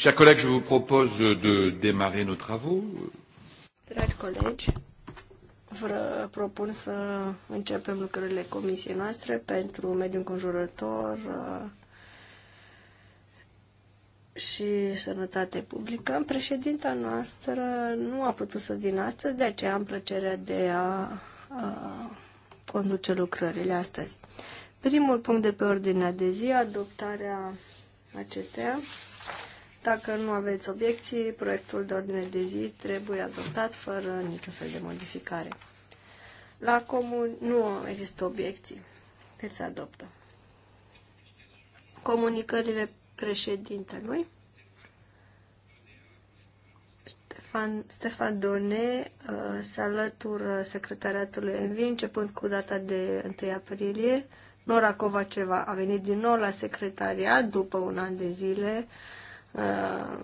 Chers collègues, je vous propose de démarrer nos travaux. Dragi colegi, vă propun să începem lucrările comisiei noastre pentru mediul înconjurător uh, și sănătate publică. Președinta noastră nu a putut să vină astăzi, de aceea am plăcerea de a, a conduce lucrările astăzi. Primul punct de pe ordinea de zi, adoptarea acesteia. Dacă nu aveți obiecții, proiectul de ordine de zi trebuie adoptat fără niciun fel de modificare. La comun nu există obiecții. el deci se adoptă. Comunicările președintelui. Stefan, Stefan Done uh, se alătură secretariatului ENVI începând cu data de 1 aprilie. Nora Covaceva a venit din nou la secretariat după un an de zile Uh,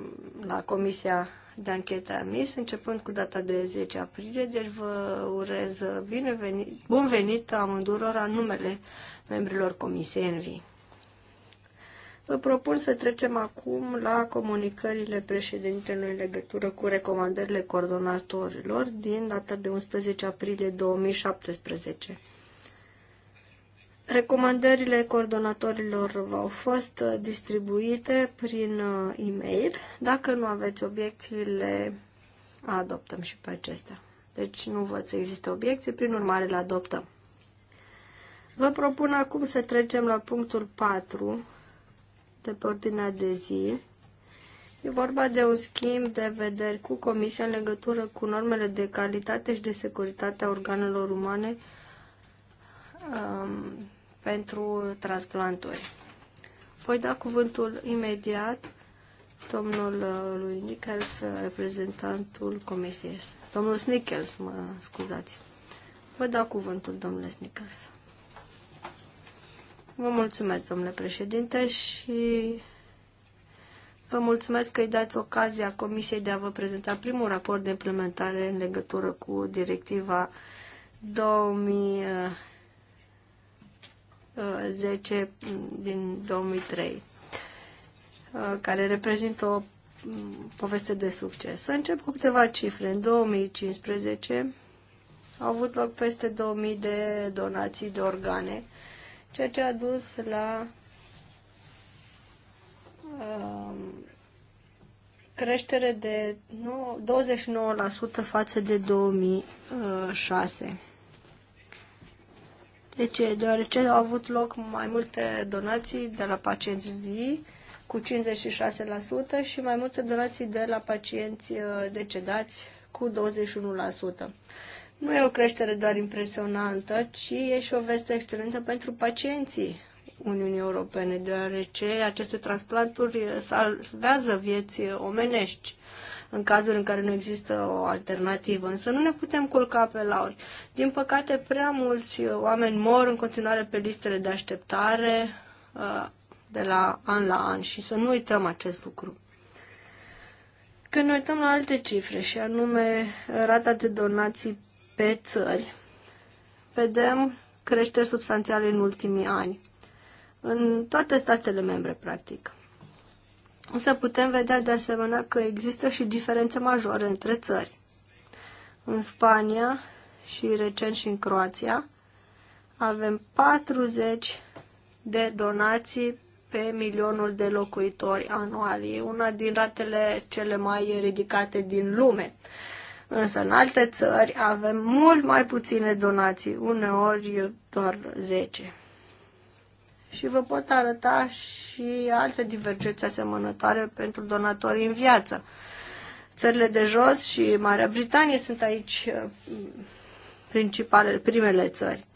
la Comisia de anchetă a MIS, începând cu data de 10 aprilie, deci vă urez binevenit, bun venit amândurora numele membrilor Comisiei Envi. Vă propun să trecem acum la comunicările președintelui în legătură cu recomandările coordonatorilor din data de 11 aprilie 2017. Recomandările coordonatorilor v-au fost uh, distribuite prin uh, e-mail. Dacă nu aveți obiecții, le adoptăm și pe acestea. Deci nu văd să existe obiecții, prin urmare le adoptăm. Vă propun acum să trecem la punctul 4 de pe ordinea de zi. E vorba de un schimb de vederi cu Comisia în legătură cu normele de calitate și de securitate a organelor umane um, pentru transplanturi. Voi da cuvântul imediat domnul lui Nichols, reprezentantul comisiei. Domnul Snickels, mă scuzați. Vă dau cuvântul, domnule Snickels. Vă mulțumesc, domnule președinte, și vă mulțumesc că îi dați ocazia Comisiei de a vă prezenta primul raport de implementare în legătură cu directiva 2000 10 din 2003, uh, care reprezintă o mm, poveste de succes. Să încep cu câteva cifre. În 2015 au avut loc peste 2000 de donații de organe, ceea ce a dus la um, creștere de 29% față de 2006. De ce? Deoarece au avut loc mai multe donații de la pacienți vii cu 56% și mai multe donații de la pacienți uh, decedați cu 21%. Nu e o creștere doar impresionantă, ci e și o veste excelentă pentru pacienții Uniunii Europene, deoarece aceste transplanturi salvează vieți omenești în cazuri în care nu există o alternativă, însă nu ne putem culca pe lauri. Din păcate, prea mulți oameni mor în continuare pe listele de așteptare uh, de la an la an și să nu uităm acest lucru. Când ne uităm la alte cifre, și anume rata de donații pe țări, vedem creșteri substanțiale în ultimii ani, în toate statele membre, practic. Însă putem vedea de asemenea că există și diferențe majore între țări. În Spania și recent și în Croația avem 40 de donații pe milionul de locuitori anual. E una din ratele cele mai ridicate din lume. Însă în alte țări avem mult mai puține donații, uneori doar 10 și vă pot arăta și alte divergențe asemănătoare pentru donatori în viață. Țările de jos și Marea Britanie sunt aici uh, principalele, primele țări.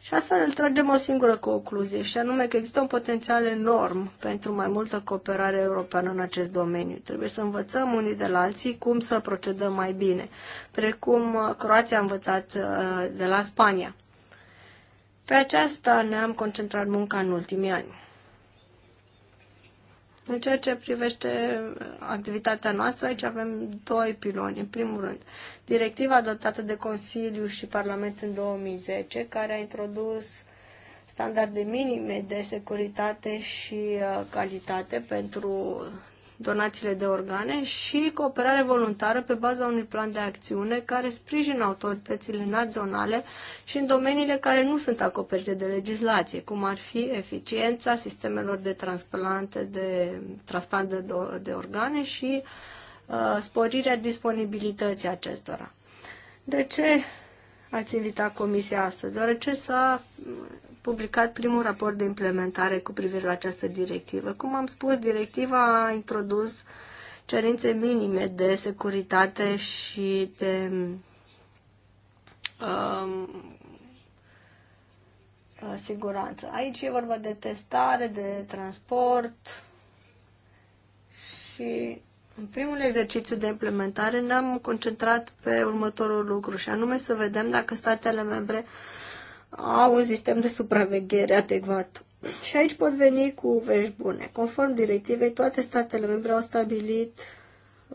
Și asta ne tragem o singură concluzie, și anume că există un potențial enorm pentru mai multă cooperare europeană în acest domeniu. Trebuie să învățăm unii de la alții cum să procedăm mai bine, precum uh, Croația a învățat uh, de la Spania. Pe aceasta ne-am concentrat munca în ultimii ani. În ceea ce privește activitatea noastră, aici avem doi piloni. În primul rând, directiva adoptată de Consiliu și Parlament în 2010, care a introdus standarde minime de securitate și uh, calitate pentru donațiile de organe și cooperare voluntară pe baza unui plan de acțiune care sprijină autoritățile naționale și în domeniile care nu sunt acoperite de legislație, cum ar fi eficiența sistemelor de transplante de, transplant de, de organe și uh, sporirea disponibilității acestora. De ce ați invitat comisia astăzi? Deoarece s-a publicat primul raport de implementare cu privire la această directivă. Cum am spus, directiva a introdus cerințe minime de securitate și de um, siguranță. Aici e vorba de testare, de transport și în primul exercițiu de implementare ne-am concentrat pe următorul lucru și anume să vedem dacă statele membre au un sistem de supraveghere adecvat. Și aici pot veni cu vești bune. Conform directivei, toate statele membre au stabilit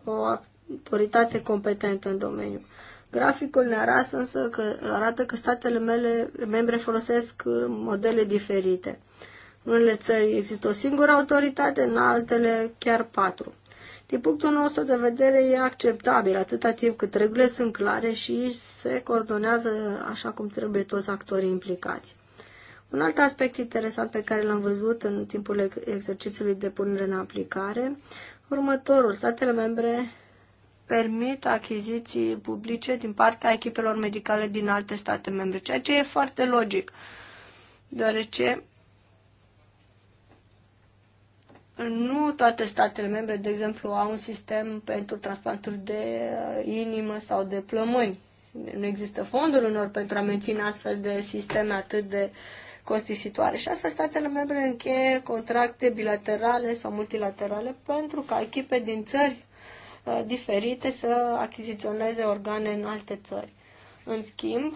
o autoritate competentă în domeniu. Graficul ne arată însă că, arată că statele mele, membre folosesc uh, modele diferite. În unele țări există o singură autoritate, în altele chiar patru din punctul nostru de vedere, e acceptabil atâta timp cât regulile sunt clare și se coordonează așa cum trebuie toți actorii implicați. Un alt aspect interesant pe care l-am văzut în timpul exercițiului de punere în aplicare, următorul, statele membre permit achiziții publice din partea echipelor medicale din alte state membre, ceea ce e foarte logic, deoarece nu toate statele membre, de exemplu, au un sistem pentru transplanturi de uh, inimă sau de plămâni. Nu există fonduri unor pentru a menține astfel de sisteme atât de costisitoare. Și astfel statele membre încheie contracte bilaterale sau multilaterale pentru ca echipe din țări uh, diferite să achiziționeze organe în alte țări. În schimb,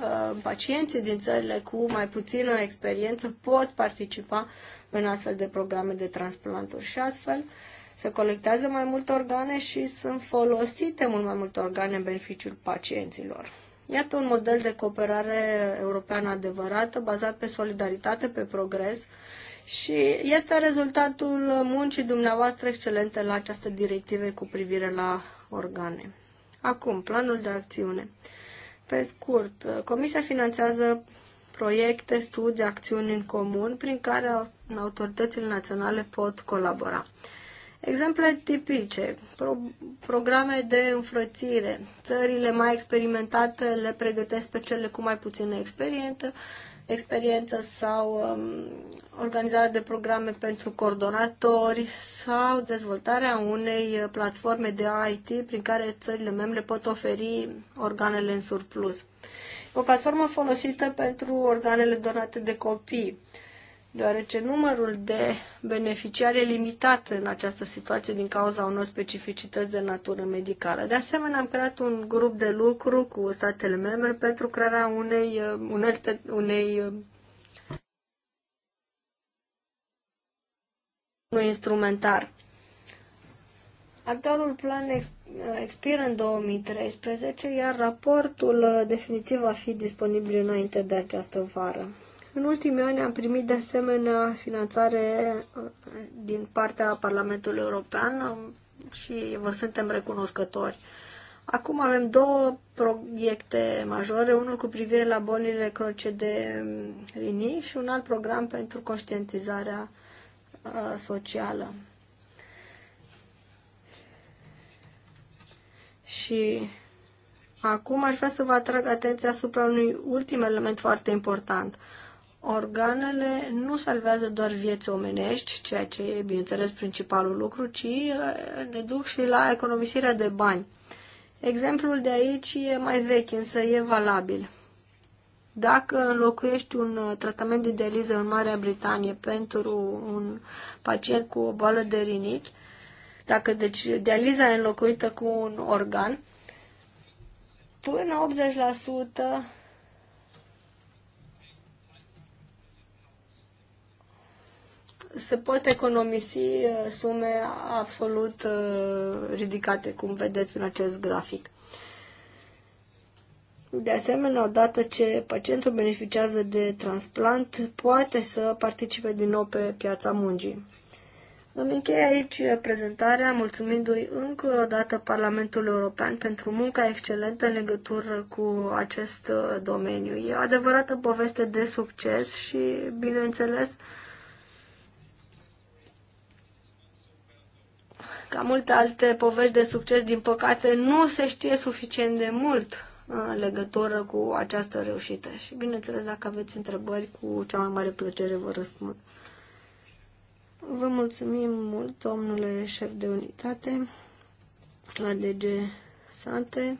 Uh, pacienții din țările cu mai puțină experiență pot participa în astfel de programe de transplanturi și astfel se colectează mai multe organe și sunt folosite mult mai multe organe în beneficiul pacienților. Iată un model de cooperare europeană adevărată, bazat pe solidaritate, pe progres și este rezultatul muncii dumneavoastră excelente la această directivă cu privire la organe. Acum, planul de acțiune. Uh, pe scurt, Comisia finanțează proiecte, studii, acțiuni în comun prin care autoritățile naționale pot colabora. Exemple tipice, pro- programe de înfrățire. Țările mai experimentate le pregătesc pe cele cu mai puțină experiență experiență sau um, organizarea de programe pentru coordonatori sau dezvoltarea unei platforme de IT prin care țările membre pot oferi organele în surplus. O platformă folosită pentru organele donate de copii. Uh, deoarece numărul de beneficiari e limitat în această situație din cauza unor specificități de natură medicală. De asemenea, am creat un grup de lucru cu statele membre pentru crearea unei, uh, unelte, unei uh, unui instrumentar. Actualul plan uh, expiră în 2013, iar raportul definitiv va fi disponibil înainte de această vară. În ultimii ani am primit de asemenea finanțare uh, din partea Parlamentului European um, și vă suntem recunoscători. Acum avem două proiecte majore, unul cu privire la bolile croce de linii um, și un alt program pentru conștientizarea uh, socială. Și acum aș vrea să vă atrag atenția asupra unui ultim element foarte important. Organele nu salvează doar vieți omenești, ceea ce e, bineînțeles, principalul lucru, ci uh, ne duc și la economisirea de bani. Exemplul de aici e mai vechi, însă e valabil. Dacă înlocuiești un uh, tratament de dializă în Marea Britanie pentru un pacient cu o boală de rinichi, dacă deci dializa e înlocuită cu un organ, până 80% se pot economisi uh, sume absolut uh, ridicate, cum vedeți în acest grafic. De asemenea, odată ce pacientul beneficiază de transplant, poate să participe din nou pe piața muncii. Îmi închei aici prezentarea, mulțumindu-i încă o dată Parlamentul European pentru munca excelentă în legătură cu acest uh, domeniu. E o adevărată poveste de succes și, bineînțeles, Ca multe alte povești de succes, din păcate, nu se știe suficient de mult în uh, legătură cu această reușită. Și bineînțeles, dacă aveți întrebări, cu cea mai mare plăcere vă răspund. Vă mulțumim mult, domnule șef de unitate la DG Sante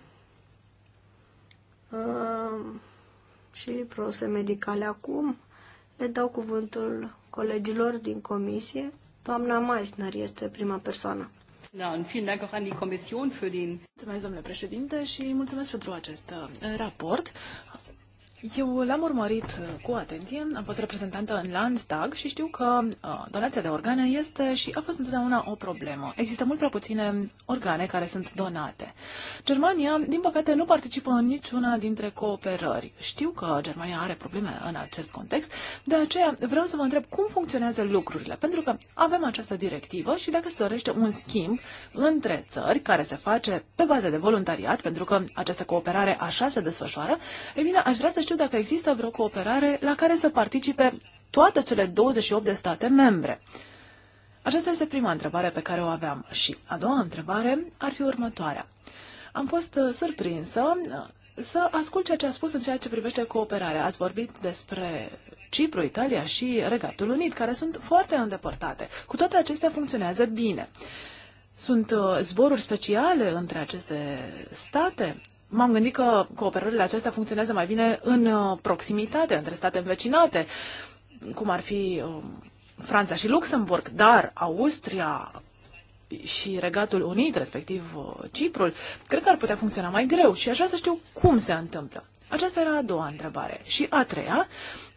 uh, și prose medicale acum. Le dau cuvântul colegilor din comisie. Doamna Meissner este prima persoană. Da, mulțumesc, domnule președinte, și mulțumesc pentru acest uh, raport. Eu l-am urmărit uh, cu atenție, am fost reprezentantă în Landtag și știu că uh, donația de organe este și a fost întotdeauna o problemă. Există mult prea puține organe care sunt donate. Germania, din păcate, nu participă în niciuna dintre cooperări. Știu că Germania are probleme în acest context, de aceea vreau să vă întreb cum funcționează lucrurile, pentru că avem această directivă și dacă se dorește un schimb între țări care se face pe bază de voluntariat, pentru că această cooperare așa se desfășoară, e bine, aș vrea să știu știu dacă există vreo cooperare la care să participe toate cele 28 de state membre. Aceasta este prima întrebare pe care o aveam și a doua întrebare ar fi următoarea. Am fost uh, surprinsă uh, să ascult ceea ce a spus în ceea ce privește cooperarea. Ați vorbit despre Cipru, Italia și Regatul Unit, care sunt foarte îndepărtate. Cu toate acestea funcționează bine. Sunt uh, zboruri speciale între aceste state? m-am gândit că cooperările acestea funcționează mai bine în uh, proximitate, între state învecinate, cum ar fi uh, Franța și Luxemburg, dar Austria și Regatul Unit, respectiv uh, Ciprul, cred că ar putea funcționa mai greu și aș vrea să știu cum se întâmplă. Aceasta era a doua întrebare. Și a treia,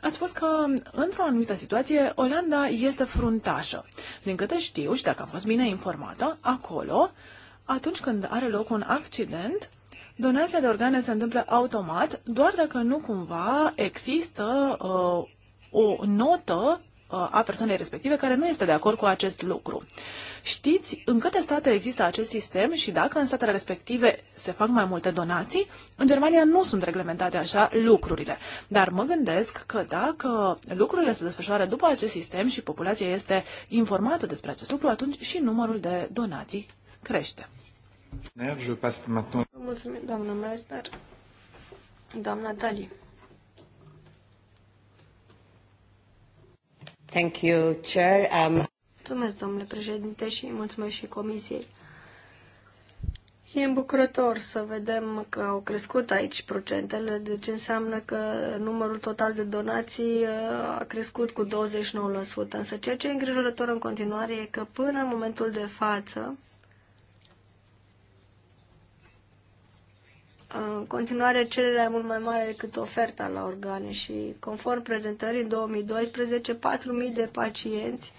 ați spus că, într-o anumită situație, Olanda este fruntașă. Din câte știu și dacă am fost bine informată, acolo, atunci când are loc un accident, Donația de organe se întâmplă automat, doar dacă nu cumva există uh, o notă uh, a persoanei respective care nu este de acord cu acest lucru. Știți în câte state există acest sistem și dacă în statele respective se fac mai multe donații, în Germania nu sunt reglementate așa lucrurile. Dar mă gândesc că dacă lucrurile se desfășoară după acest sistem și populația este informată despre acest lucru, atunci și numărul de donații crește. Mulțumim, Doamna Dali. Thank you, Chair. Um... Mulțumesc, domnule președinte, și mulțumesc și comisiei. E îmbucurător să vedem că au crescut aici procentele, deci înseamnă că numărul total de donații uh, a crescut cu 29%. Însă ceea ce e îngrijorător în continuare e că până în momentul de față, În continuare, cererea e mult mai mare decât oferta la organe și, conform prezentării, în 2012, 4.000 de pacienți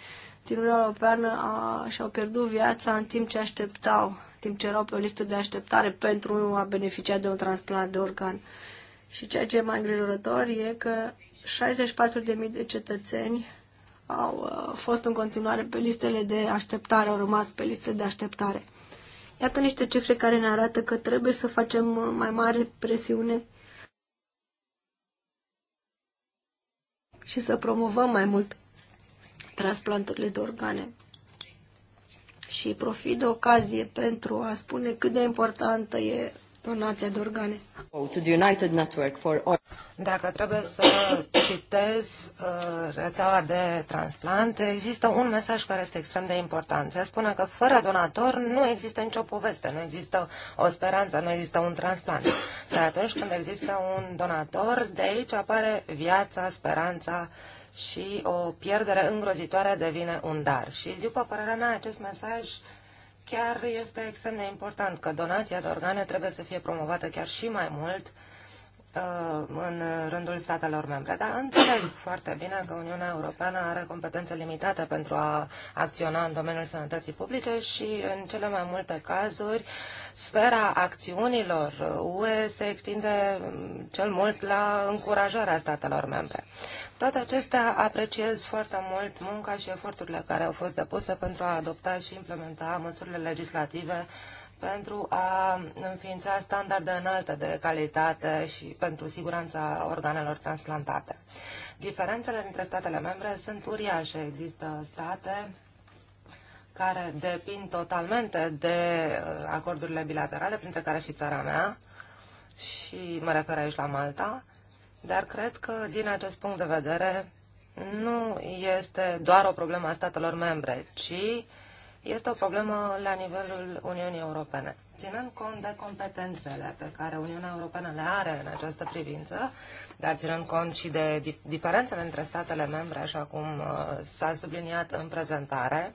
din Uniunea Europeană a, și-au pierdut viața în timp ce așteptau, timp ce erau pe o listă de așteptare pentru a beneficia de un transplant de organ. Și ceea ce e mai îngrijorător e că 64.000 de cetățeni au uh, fost în continuare pe listele de așteptare, au rămas pe listele de așteptare. Iată niște cifre care ne arată că trebuie să facem uh, mai mare presiune și să promovăm mai mult transplanturile de organe. Și profit de ocazie pentru a spune cât de importantă e donația de organe. To the United Network for Dacă trebuie să citez uh, rețeaua de transplant, există un mesaj care este extrem de important. Se spune că fără donator nu există nicio poveste, nu există o speranță, nu există un transplant. Dar atunci când există un donator, de aici apare viața, speranța și o pierdere îngrozitoare devine un dar. Și după părerea mea, acest mesaj Chiar este extrem de important că donația de organe trebuie să fie promovată chiar și mai mult Uh, în rândul statelor membre. Dar înțeleg foarte bine că Uniunea Europeană are competențe limitate pentru a acționa în domeniul sănătății publice și, în cele mai multe cazuri, sfera acțiunilor UE se extinde mm, cel mult la încurajarea statelor membre. Toate acestea apreciez foarte mult munca și eforturile care au fost depuse pentru a adopta și implementa măsurile legislative uh, pentru a înființa standarde înalte de calitate și pentru siguranța organelor transplantate. Diferențele dintre statele membre sunt uriașe. Există state care depind totalmente de uh, acordurile bilaterale, printre care și țara mea, și mă refer aici la Malta, dar cred că, din acest punct de vedere, nu este doar o problemă a statelor membre, ci este o problemă la nivelul Uniunii Europene. Ținând cont de competențele pe care Uniunea Europeană le are în această privință, dar ținând cont și de diferențele între statele membre, așa cum uh, s-a subliniat în prezentare,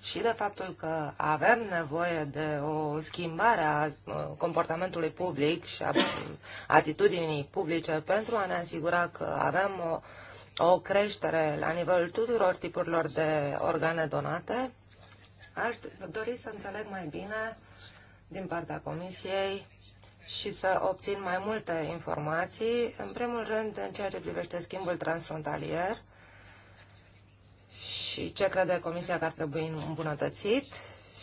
și de faptul că avem nevoie de o schimbare a uh, comportamentului public și a mm, atitudinii publice pentru a ne asigura că avem o, o creștere la nivelul tuturor tipurilor de organe donate, Aș dori să înțeleg mai bine din partea Comisiei și să obțin mai multe informații, în primul rând în ceea ce privește schimbul transfrontalier și ce crede Comisia că ar trebui îmbunătățit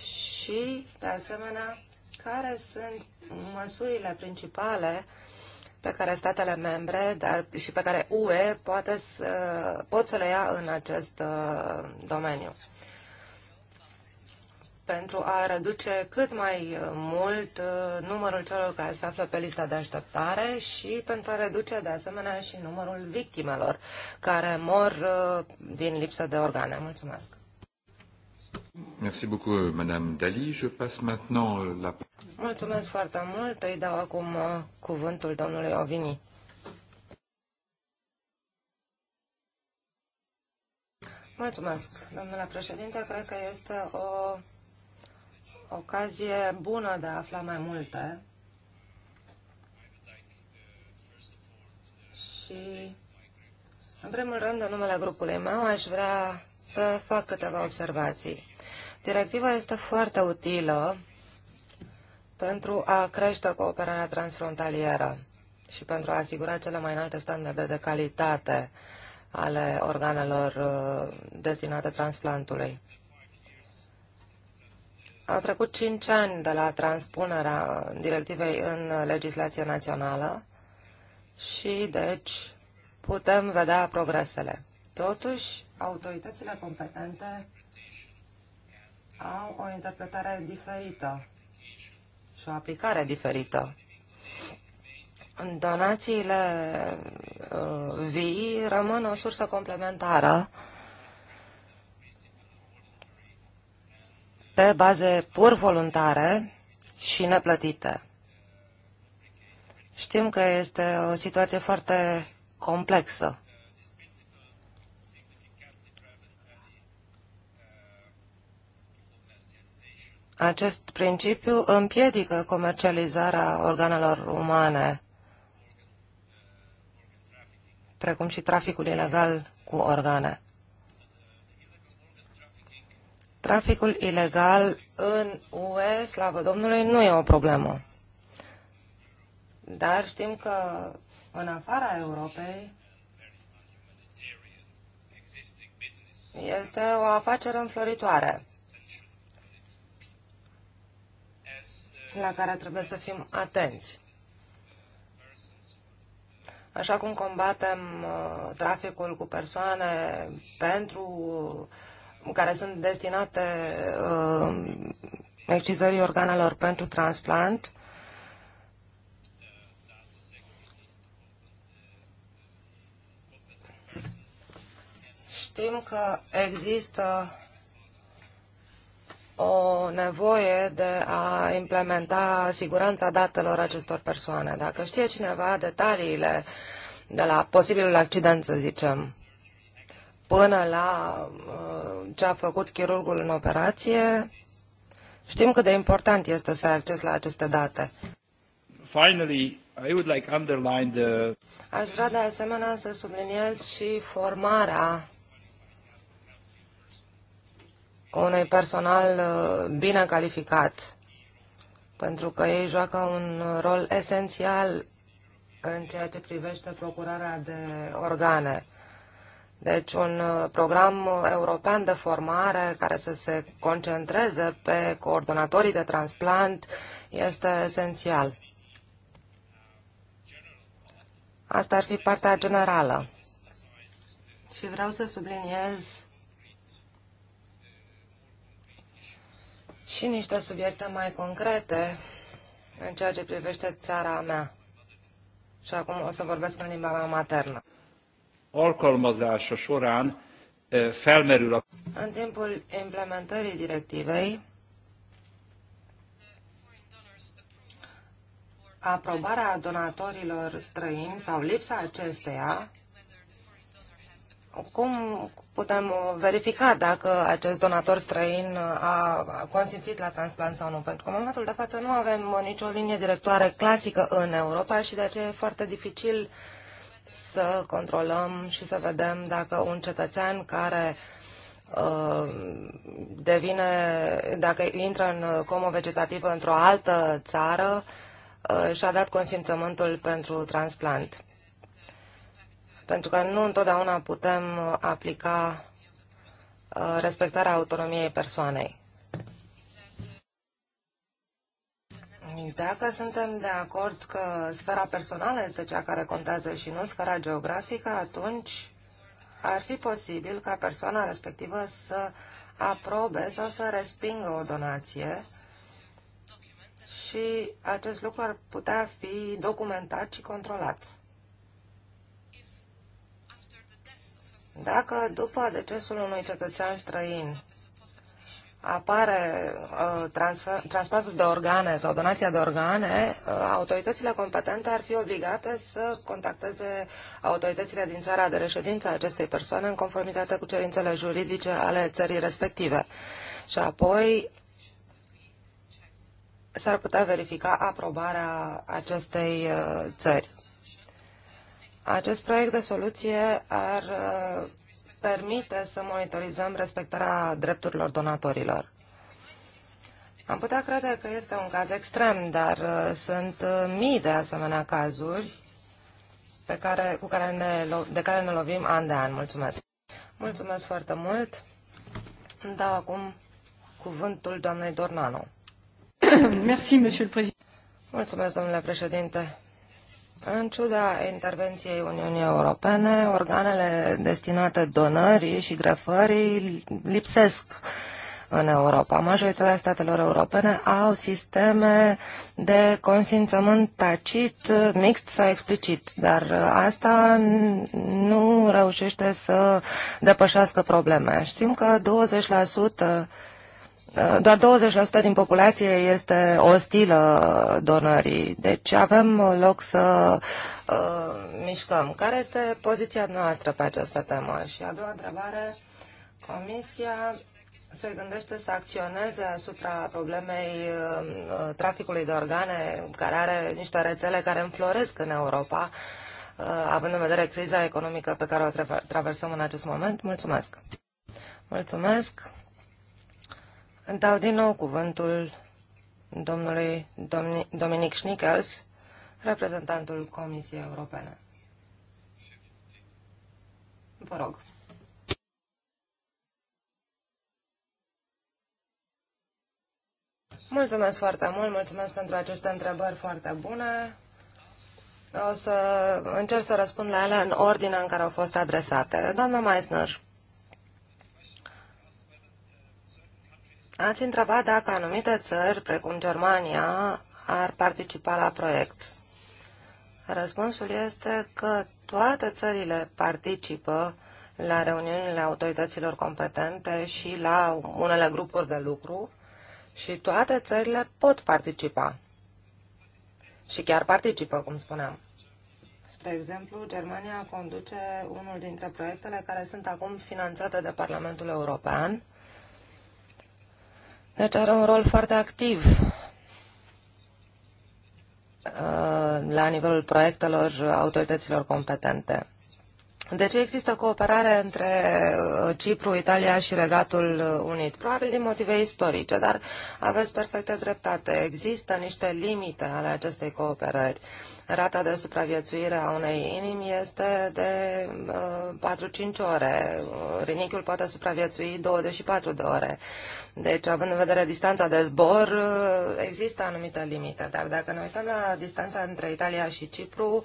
și, de asemenea, care sunt măsurile principale pe care statele membre dar și pe care UE poate să, pot să le ia în acest uh, domeniu pentru a reduce cât mai uh, mult uh, numărul celor care se află pe lista de așteptare și pentru a reduce de asemenea și numărul victimelor care mor uh, din lipsă de organe. Mulțumesc! Merci beaucoup, Madame Dali. Je passe maintenant la... Mulțumesc foarte mult. Îi dau acum cuvântul domnului Ovini. Mulțumesc, domnule președinte. Cred că este o ocazie bună de a afla mai multe și, în primul rând, în numele grupului meu, aș vrea să fac câteva observații. Directiva este foarte utilă pentru a crește cooperarea transfrontalieră și pentru a asigura cele mai înalte standarde de calitate ale organelor uh, destinate transplantului. Au trecut cinci ani de la transpunerea directivei în legislație națională și, deci, putem vedea progresele. Totuși, autoritățile competente au o interpretare diferită și o aplicare diferită. Donațiile uh, vii rămân o sursă complementară uh, pe baze pur voluntare și neplătite. Știm că este o situație foarte complexă. Acest principiu împiedică comercializarea organelor umane, precum și traficul ilegal cu organe. Traficul ilegal în UE, slavă Domnului, nu e o problemă. Dar știm că în afara Europei este o afacere înfloritoare la care trebuie să fim atenți. Așa cum combatem uh, traficul cu persoane pentru uh, care sunt destinate uh, excizării organelor pentru transplant. Știm că există o nevoie de a implementa siguranța datelor acestor persoane. Dacă știe cineva detaliile de la posibilul accident, să zicem, până la uh, ce a făcut chirurgul în operație, știm cât de important este să ai acces la aceste date. Finally, I would like underline the... Aș vrea de asemenea să subliniez și formarea unui personal uh, bine calificat, pentru că ei joacă un rol esențial în ceea ce privește procurarea de organe deci un uh, program european de formare care să se concentreze pe coordonatorii de transplant este esențial. Asta ar fi partea generală. Și vreau să subliniez și niște subiecte mai concrete în ceea ce privește țara mea. Și acum o să vorbesc în limba mea maternă alkalmazása során eh, felmerül a... În timpul implementării directivei, aprobarea donatorilor străini sau lipsa acesteia, cum putem verifica dacă acest donator străin a consimțit la transplant sau nu? Pentru că în momentul de față nu avem nicio linie directoare clasică în Europa și de aceea e foarte dificil uh, să controlăm și să vedem dacă un cetățean care uh, devine, dacă intră în comă vegetativă într-o altă țară, uh, și-a dat consimțământul pentru transplant. Pentru că nu întotdeauna putem aplica uh, respectarea autonomiei persoanei. Dacă suntem de acord că sfera personală este cea care contează și nu sfera geografică, atunci ar fi posibil ca persoana respectivă să aprobe sau să respingă o donație și acest lucru ar putea fi documentat și controlat. Dacă după decesul unui cetățean străin apare uh, transfer, transplantul de organe sau donația de organe, uh, autoritățile competente ar fi obligate să contacteze autoritățile din țara de reședință a acestei persoane în conformitate cu cerințele juridice ale țării respective. Și apoi s-ar putea verifica aprobarea acestei uh, țări. Acest proiect de soluție ar uh, permite să monitorizăm respectarea drepturilor donatorilor. Am putea crede că este un caz extrem, dar uh, sunt uh, mii de asemenea cazuri pe care, cu care ne, de care ne lovim an de an. Mulțumesc! Mulțumesc foarte mult! Dau acum cuvântul doamnei Dornano. Mulțumesc, domnule președinte. În ciuda intervenției Uniunii Europene, organele destinate donării și grefării lipsesc în Europa. Majoritatea statelor europene au sisteme de consimțământ tacit, mixt sau explicit, dar asta nu reușește să depășească probleme. Știm că 20% Uh, doar 20% din populație este ostilă donării, deci avem loc să uh, mișcăm. Care este poziția noastră pe această temă? Și a doua întrebare, Comisia se gândește să acționeze asupra problemei uh, traficului de organe, care are niște rețele care înfloresc în Europa, uh, având în vedere criza economică pe care o traversăm în acest moment. Mulțumesc! Mulțumesc! Dau din nou cuvântul domnului Dominic Schnickels, reprezentantul Comisiei Europene. Vă rog. Mulțumesc foarte mult, mulțumesc pentru aceste întrebări foarte bune. O să încerc să răspund la ele în ordinea în care au fost adresate. Doamna Meisner, Ați întrebat dacă anumite țări, precum Germania, ar participa la proiect. Răspunsul este că toate țările participă la reuniunile autorităților competente și la unele grupuri de lucru și toate țările pot participa. Și chiar participă, cum spuneam. Spre exemplu, Germania conduce unul dintre proiectele care sunt acum finanțate de Parlamentul European, deci are un rol foarte activ uh, la nivelul proiectelor autorităților competente. De deci ce există cooperare între uh, Cipru, Italia și Regatul uh, Unit, probabil din motive istorice, dar aveți perfectă dreptate. Există niște limite ale acestei cooperări. Rata de supraviețuire a unei inimi este de 4-5 uh, ore. Rinichiul poate supraviețui 24 de ore. Deci, având în vedere distanța de zbor, există anumite limite. Dar dacă ne uităm la distanța între Italia și Cipru,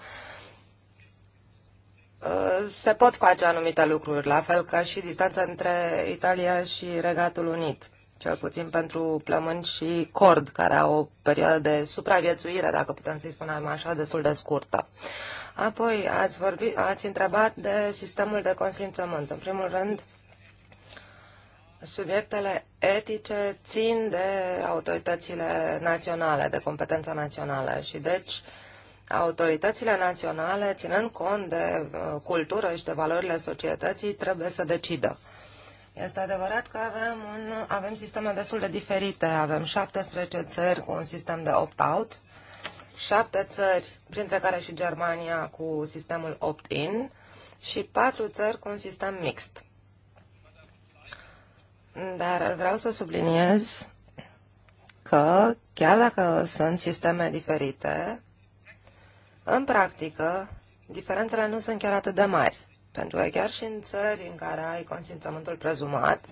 Uh, se pot face anumite lucruri, la fel ca și distanța între Italia și Regatul Unit, cel puțin pentru plămâni și cord, care au o perioadă de supraviețuire, dacă putem să-i spunem așa, destul de scurtă. Apoi ați, vorbit, ați întrebat de sistemul de consimțământ. În primul rând, subiectele etice țin de autoritățile naționale, de competența națională și deci uh, autoritățile naționale, ținând cont de uh, cultură și de valorile societății, trebuie să decidă. Este adevărat că avem, un, avem sisteme destul de diferite. Avem 17 țări cu un sistem de opt-out, 7 țări, printre care și Germania, cu sistemul opt-in și 4 țări cu un sistem mixt. Dar vreau să subliniez că, chiar dacă sunt sisteme diferite, în practică, diferențele nu sunt chiar atât de mari, pentru că chiar și în țări în care ai consimțământul prezumat,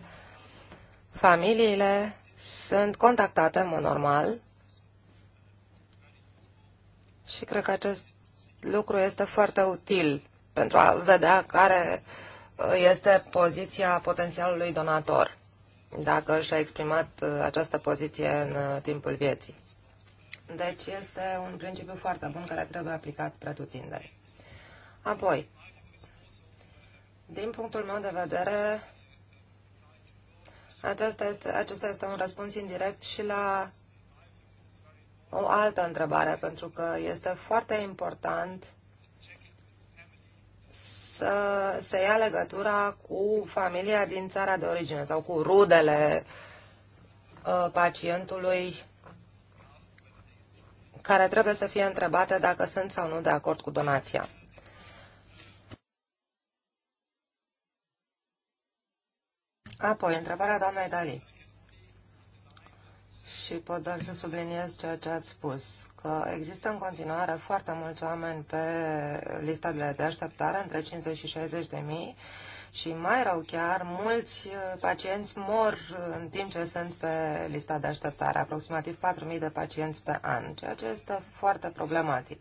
familiile sunt contactate în mod normal și cred că acest lucru este foarte util pentru a vedea care uh, este poziția potențialului donator, dacă și-a exprimat uh, această poziție în uh, timpul vieții. Deci este un principiu foarte bun care trebuie aplicat pretutindeni. Apoi, din punctul meu de vedere, acesta este, acesta este un răspuns indirect și la o altă întrebare, pentru că este foarte important să se ia legătura cu familia din țara de origine sau cu rudele uh, pacientului care trebuie să fie întrebate dacă sunt sau nu de acord cu donația. Apoi, întrebarea doamnei Dali. Și pot doar să subliniez ceea ce ați spus, că există în continuare foarte mulți oameni pe lista de, de așteptare, între 50 și 60 de mii, și mai rău chiar, mulți uh, pacienți mor uh, în timp ce sunt pe lista de așteptare, aproximativ 4.000 de pacienți pe an, ceea ce este foarte problematic.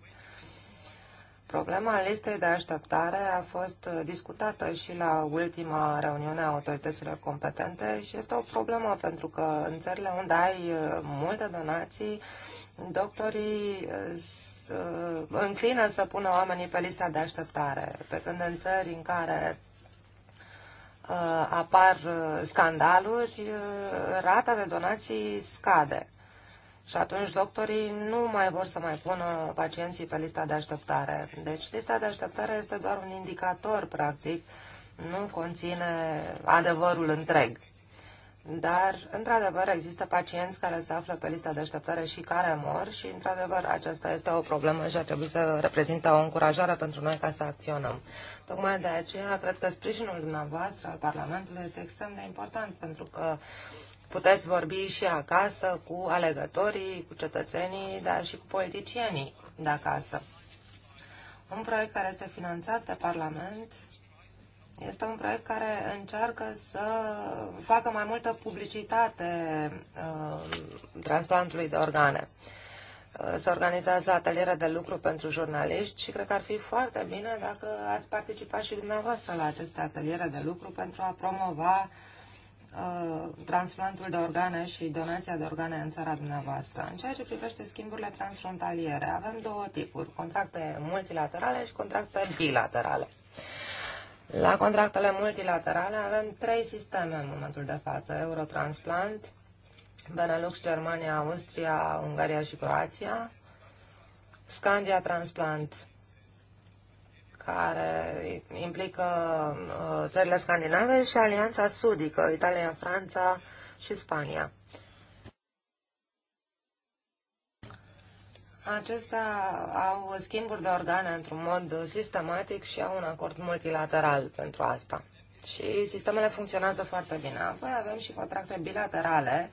Problema listei de așteptare a fost uh, discutată și la ultima reuniune a autorităților competente și este o problemă pentru că în țările unde ai multe donații, doctorii înclină să pună oamenii pe lista de așteptare, pe când în țări în care Uh, apar uh, scandaluri, uh, rata de donații scade. Și atunci doctorii nu mai vor să mai pună pacienții pe lista de așteptare. Deci lista de așteptare este doar un indicator, practic, nu conține adevărul întreg. Dar, într-adevăr, există pacienți care se află pe lista de așteptare și care mor și, într-adevăr, aceasta este o problemă și ar trebui să reprezintă o încurajare pentru noi ca să acționăm. Tocmai de aceea cred că sprijinul dumneavoastră al Parlamentului este extrem de important pentru că puteți vorbi și acasă cu alegătorii, cu cetățenii, dar și cu politicienii de acasă. Un proiect care este finanțat de Parlament este un proiect care încearcă să facă mai multă publicitate uh, transplantului de organe. Uh, Uh, se organizează ateliere de lucru pentru jurnaliști și cred că ar fi foarte bine dacă ați participat și dumneavoastră la aceste ateliere de lucru pentru a promova uh, transplantul de organe și donația de organe în țara dumneavoastră. În ceea ce privește schimburile transfrontaliere, avem două tipuri, contracte multilaterale și contracte bilaterale. La contractele multilaterale avem trei sisteme în momentul de față, Eurotransplant, Benelux, Germania, Austria, Ungaria și Croația, Scandia Transplant, care implică uh, țările scandinave și Alianța Sudică, Italia, Franța și Spania. Acestea au schimburi de organe într-un mod sistematic și au un acord multilateral pentru asta. Și sistemele funcționează foarte bine. Apoi avem și contracte bilaterale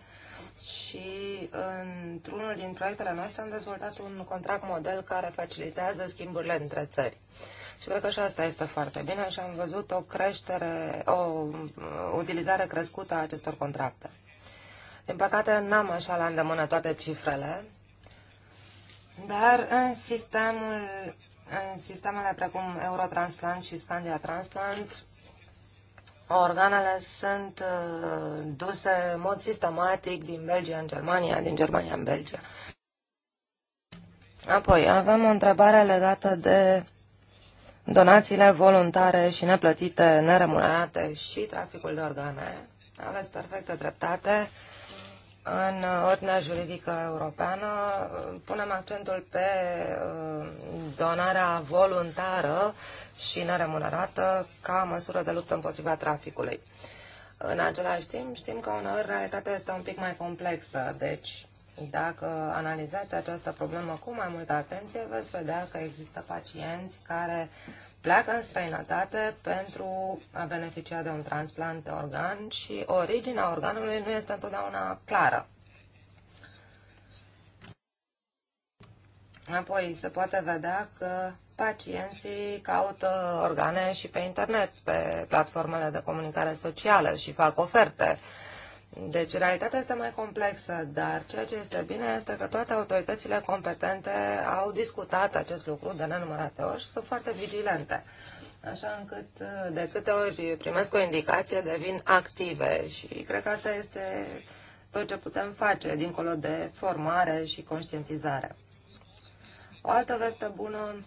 și într-unul din proiectele noastre am dezvoltat un contract model care facilitează schimburile între țări. Și cred că și asta este foarte bine și am văzut o creștere, o utilizare crescută a acestor contracte. Din păcate, n-am așa la îndemână toate cifrele, dar în sistemul în sistemele precum Eurotransplant și Scandia Transplant organele sunt uh, duse în mod sistematic din Belgia în Germania, din Germania în Belgia. Apoi, avem o întrebare legată de donațiile voluntare și neplătite, neremunerate și traficul de organe. Aveți perfectă dreptate. În ordinea juridică europeană punem accentul pe uh, donarea voluntară și neremunerată ca măsură de luptă împotriva traficului. În același timp, știm că uneori realitatea este un pic mai complexă, deci dacă analizați această problemă cu mai multă atenție, veți vedea că există pacienți care pleacă în străinătate pentru a beneficia de un transplant de organ și originea organului nu este întotdeauna clară. Apoi se poate vedea că pacienții caută organe și pe internet, pe platformele de comunicare socială și fac oferte uh, deci, realitatea este mai complexă, dar ceea ce este bine este că toate autoritățile competente au discutat acest lucru de nenumărate ori și sunt foarte vigilente. Așa încât, de câte ori primesc o indicație, devin active și cred că asta este tot ce putem face, dincolo de formare și conștientizare. O altă veste bună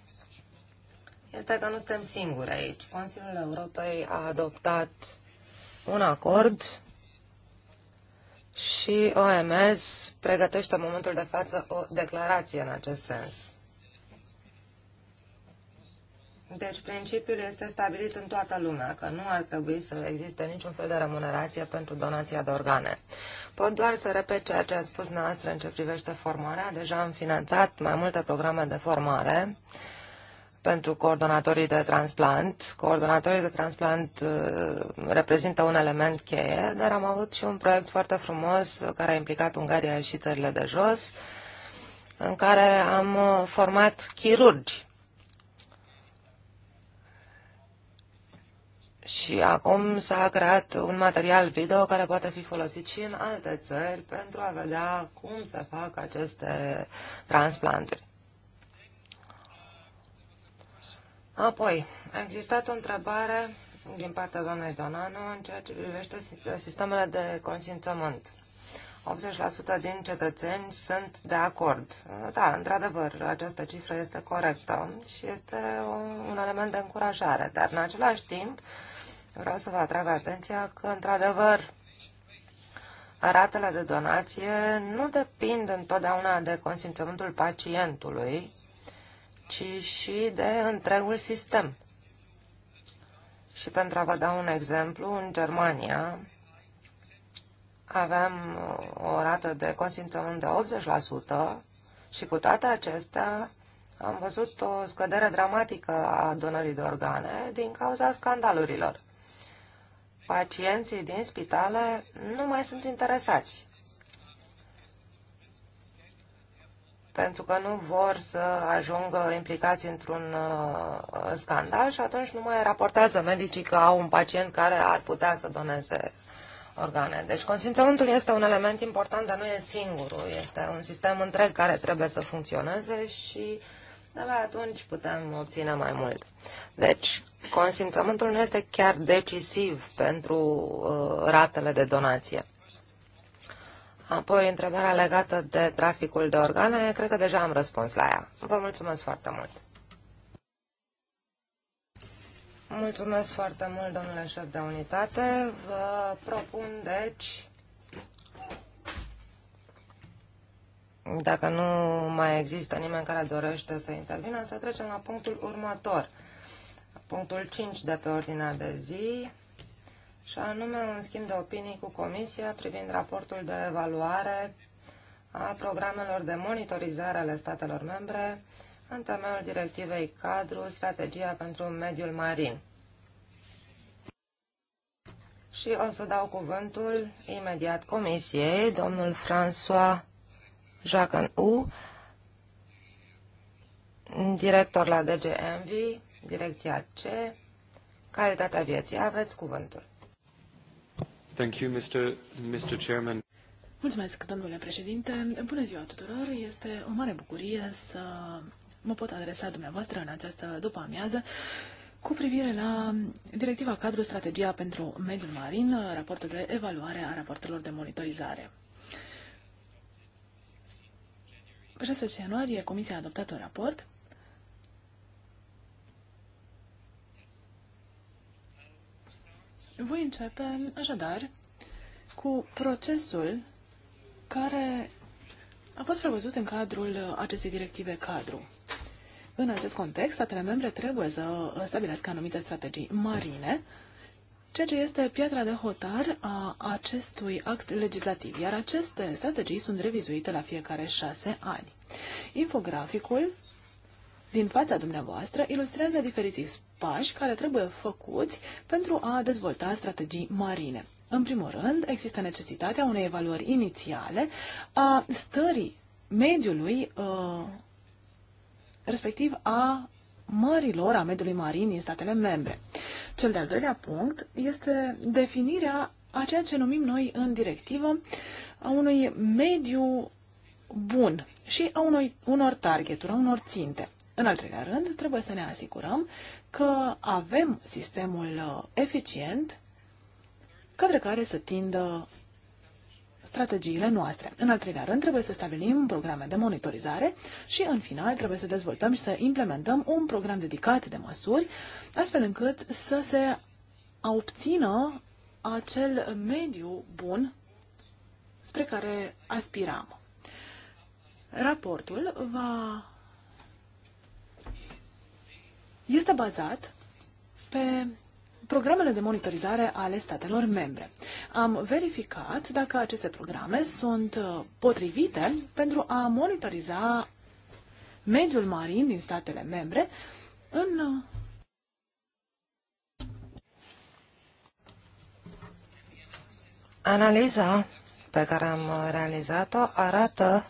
este că nu suntem singuri aici. Consiliul Europei a adoptat un acord și OMS pregătește în momentul de față o declarație în acest sens. Deci principiul este stabilit în toată lumea, că nu ar trebui să existe niciun fel de remunerație pentru donația de organe. Pot doar să repet ceea ce ați spus noastră în ce privește formarea. Deja am finanțat mai multe programe de formare pentru coordonatorii de transplant. Coordonatorii de transplant uh, reprezintă un element cheie, dar am avut și un proiect foarte frumos care a implicat Ungaria și țările de jos, în care am uh, format chirurgi. Și acum s-a creat un material video care poate fi folosit și în alte țări pentru a vedea cum se fac aceste transplanturi. Apoi, a existat o întrebare din partea doamnei Donanu în ceea ce privește sistemele de consimțământ. 80% din cetățeni sunt de acord. Da, într-adevăr, această cifră este corectă și este un element de încurajare, dar în același timp vreau să vă atrag atenția că, într-adevăr, ratele de donație nu depind întotdeauna de consimțământul pacientului, ci și de întregul sistem. Și pentru a vă da un exemplu, în Germania avem o rată de consimțământ de 80% și cu toate acestea am văzut o scădere dramatică a donării de organe din cauza scandalurilor. Pacienții din spitale nu mai sunt interesați pentru că nu vor să ajungă implicați într-un uh, scandal și atunci nu mai raportează medicii că au un pacient care ar putea să doneze organe. Deci consimțământul este un element important, dar nu e singurul. Este un sistem întreg care trebuie să funcționeze și la atunci putem obține mai mult. Deci consimțământul nu este chiar decisiv pentru uh, ratele de donație. Apoi, întrebarea legată de traficul de organe, cred că deja am răspuns la ea. Vă mulțumesc foarte mult! Mulțumesc foarte mult, domnule șef de unitate. Vă propun, deci, dacă nu mai există nimeni care dorește să intervină, să trecem la punctul următor. Punctul 5 de pe ordinea de zi, și anume un schimb de opinii cu Comisia privind raportul de evaluare a programelor de monitorizare ale statelor membre în temeiul directivei cadru Strategia pentru mediul marin. Și o să dau cuvântul imediat Comisiei, domnul François Jacques U, director la DGMV, direcția C, calitatea vieții. Aveți cuvântul. Mulțumesc, domnule președinte. Bună ziua tuturor. Este o mare bucurie să mă pot adresa dumneavoastră în această după-amiază cu privire la Directiva Cadru Strategia pentru Mediul Marin, raportul de evaluare a raportelor de monitorizare. Pe 16 ianuarie, Comisia a adoptat un raport Voi începe, așadar, cu procesul care a fost prevăzut în cadrul acestei directive cadru. În acest context, statele membre trebuie să stabilească anumite strategii marine, ceea ce este piatra de hotar a acestui act legislativ, iar aceste strategii sunt revizuite la fiecare șase ani. Infograficul din fața dumneavoastră ilustrează diferiții pași care trebuie făcuți pentru a dezvolta strategii marine. În primul rând, există necesitatea unei evaluări inițiale a stării mediului, uh, respectiv a mărilor a mediului marin din statele membre. Cel de-al doilea punct este definirea a ceea ce numim noi în directivă a unui mediu bun și a unui, unor targeturi, a unor ținte. În al treilea rând, trebuie să ne asigurăm că avem sistemul uh, eficient către care să tindă strategiile noastre. În al treilea rând, trebuie să stabilim programe de monitorizare și, în final, trebuie să dezvoltăm și să implementăm un program dedicat de măsuri, astfel încât să se obțină acel mediu bun spre care aspiram. Raportul va este bazat pe programele de monitorizare ale statelor membre. Am verificat dacă aceste programe sunt uh, potrivite pentru a monitoriza mediul marin din statele membre în uh, Analiza pe care am realizat-o arată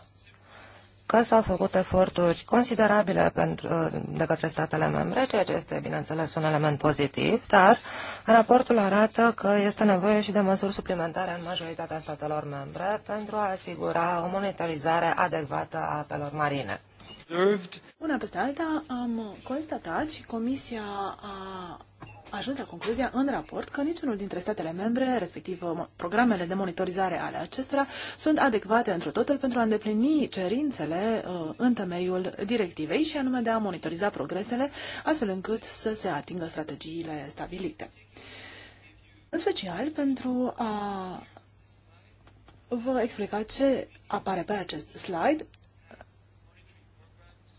că s-au făcut eforturi considerabile pentru, de către statele membre, ceea ce este, bineînțeles, un element pozitiv, dar raportul arată că este nevoie și de măsuri suplimentare în majoritatea statelor membre pentru a asigura o monitorizare adecvată a apelor marine. Una peste alta am constatat și Comisia a ajuns la concluzia în raport că niciunul dintre statele membre, respectiv programele de monitorizare ale acestora, sunt adecvate într totul pentru a îndeplini cerințele uh, în temeiul directivei și anume de a monitoriza progresele astfel încât să se atingă strategiile stabilite. În special pentru a vă explica ce apare pe acest slide,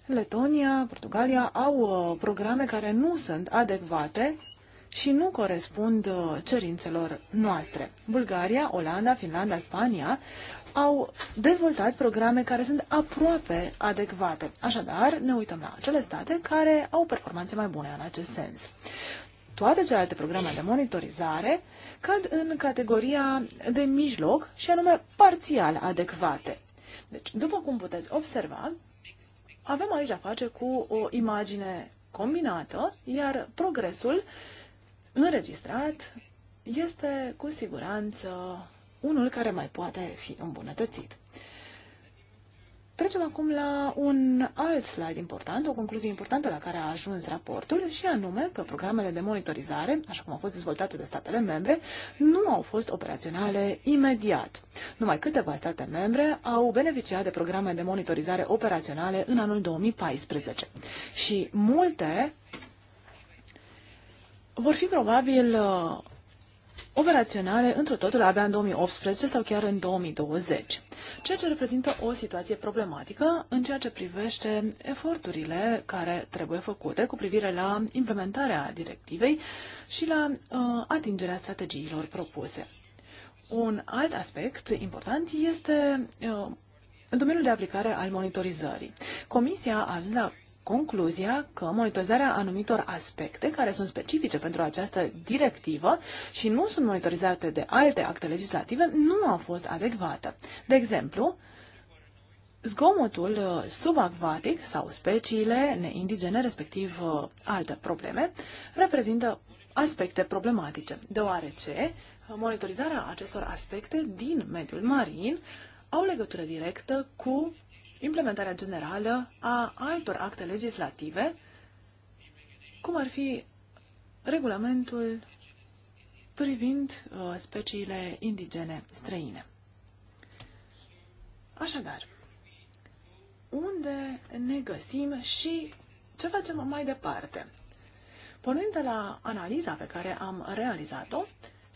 Letonia, Portugalia au uh, programe care nu sunt adecvate și nu corespund uh, cerințelor noastre. Bulgaria, Olanda, Finlanda, Spania au dezvoltat programe care sunt aproape adecvate. Așadar, ne uităm la acele state care au performanțe mai bune în acest sens. Toate celelalte programe de monitorizare cad în categoria de mijloc și anume parțial adecvate. Deci, după cum puteți observa, avem aici a face cu o imagine combinată, iar progresul uh, înregistrat este cu siguranță unul care mai poate fi îmbunătățit. Trecem acum la un alt slide important, o concluzie importantă la care a ajuns raportul, și anume că programele de monitorizare, așa cum au fost dezvoltate de statele membre, nu au fost operaționale imediat. Numai câteva state membre au beneficiat de programe de monitorizare operaționale în anul 2014 și multe vor fi probabil uh, operaționale într o totul abia în 2018 sau chiar în 2020, ceea ce reprezintă o situație problematică în ceea ce privește eforturile care trebuie făcute cu privire la implementarea directivei și la uh, atingerea strategiilor propuse. Un alt aspect important este uh, în domeniul de aplicare al monitorizării. Comisia a concluzia că monitorizarea anumitor aspecte care sunt specifice pentru această directivă și nu sunt monitorizate de alte acte legislative nu a fost adecvată. De exemplu, zgomotul uh, subacvatic sau speciile neindigene, respectiv uh, alte probleme, reprezintă aspecte problematice, deoarece uh, monitorizarea acestor aspecte din mediul marin au legătură directă cu implementarea generală a altor acte legislative, cum ar fi regulamentul privind uh, speciile indigene străine. Așadar, unde ne găsim și ce facem mai departe? Pornind de la analiza pe care am realizat-o,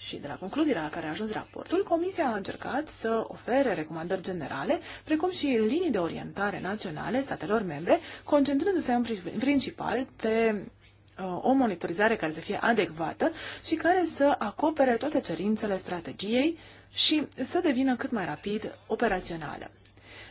și de la concluziile la care a ajuns raportul, Comisia a încercat să ofere recomandări generale, precum și linii de orientare naționale statelor membre, concentrându-se în principal pe uh, o monitorizare care să fie adecvată și care să acopere toate cerințele strategiei și să devină cât mai rapid operațională.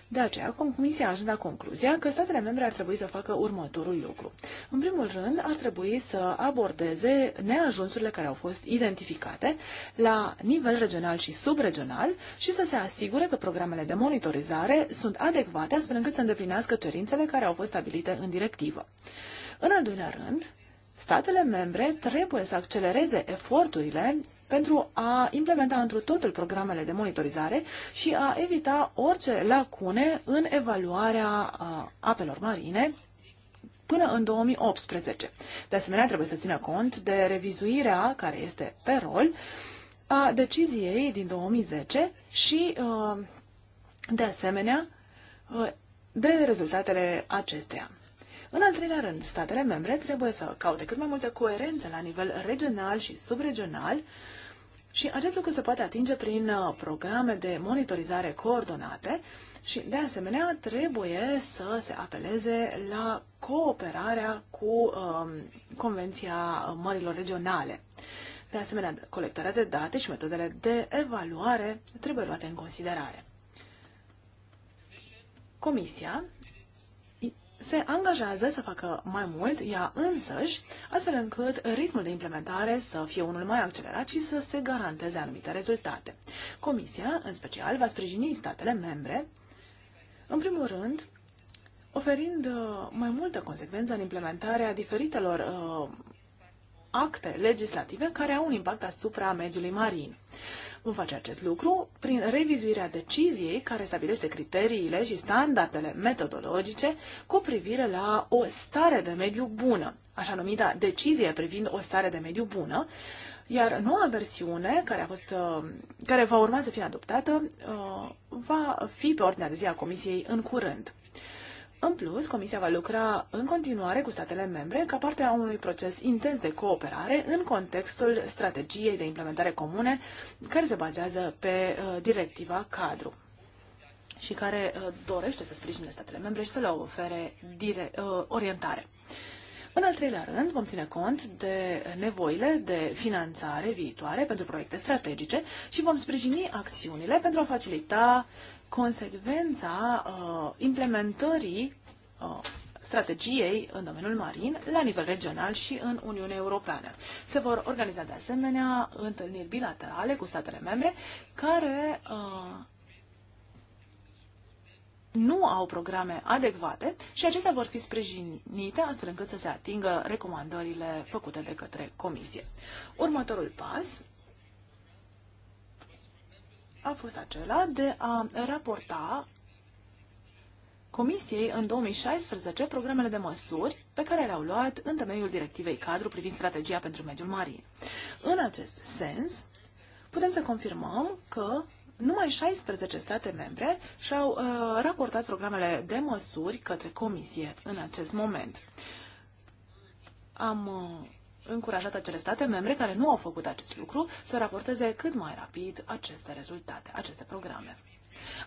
De aceea, acum Comisia a ajuns la concluzia că statele membre ar trebui să facă următorul lucru. În primul rând, ar trebui să abordeze neajunsurile care au fost identificate la nivel regional și subregional și să se asigure că programele de monitorizare sunt adecvate astfel încât să îndeplinească cerințele care au fost stabilite în directivă. În al doilea rând, statele membre trebuie să accelereze eforturile pentru a implementa întru totul programele de monitorizare și a evita orice lacune în evaluarea apelor marine până în 2018. De asemenea, trebuie să țină cont de revizuirea care este pe rol a deciziei din 2010 și, de asemenea, de rezultatele acesteia. În al treilea rând, statele membre trebuie să caute cât mai multă coerență la nivel regional și subregional și acest lucru se poate atinge prin uh, programe de monitorizare coordonate și, de asemenea, trebuie să se apeleze la cooperarea cu um, Convenția Mărilor Regionale. De asemenea, colectarea de date și metodele de evaluare trebuie luate în considerare. Comisia se angajează să facă mai mult ea însăși, astfel încât ritmul de implementare să fie unul mai accelerat și să se garanteze anumite rezultate. Comisia, în special, va sprijini statele membre, în primul rând, oferind uh, mai multă consecvență în implementarea diferitelor uh, acte legislative care au un impact asupra mediului marin. Vom face acest lucru prin revizuirea deciziei care stabilește criteriile și standardele metodologice cu privire la o stare de mediu bună, așa numită decizie privind o stare de mediu bună, iar noua versiune care, a fost, uh, care va urma să fie adoptată uh, va fi pe ordinea de zi a Comisiei în curând. În plus, Comisia va lucra în continuare cu statele membre ca parte a unui proces intens de cooperare în contextul strategiei de implementare comune care se bazează pe uh, directiva cadru și care uh, dorește să sprijine statele membre și să le ofere dire, uh, orientare. În al treilea rând, vom ține cont de nevoile de finanțare viitoare pentru proiecte strategice și vom sprijini acțiunile pentru a facilita consecvența uh, implementării uh, strategiei în domeniul marin la nivel regional și în Uniunea Europeană. Se vor organiza de asemenea întâlniri bilaterale cu statele membre care uh, nu au programe adecvate și acestea vor fi sprijinite astfel încât să se atingă recomandările făcute de către Comisie. Următorul pas a fost acela de a raporta Comisiei în 2016 programele de măsuri pe care le-au luat în temeiul directivei cadru privind strategia pentru mediul marin. În acest sens, putem să confirmăm că numai 16 state membre și-au uh, raportat programele de măsuri către Comisie în acest moment. Am uh, încurajat acele state membre care nu au făcut acest lucru să raporteze cât mai rapid aceste rezultate, aceste programe.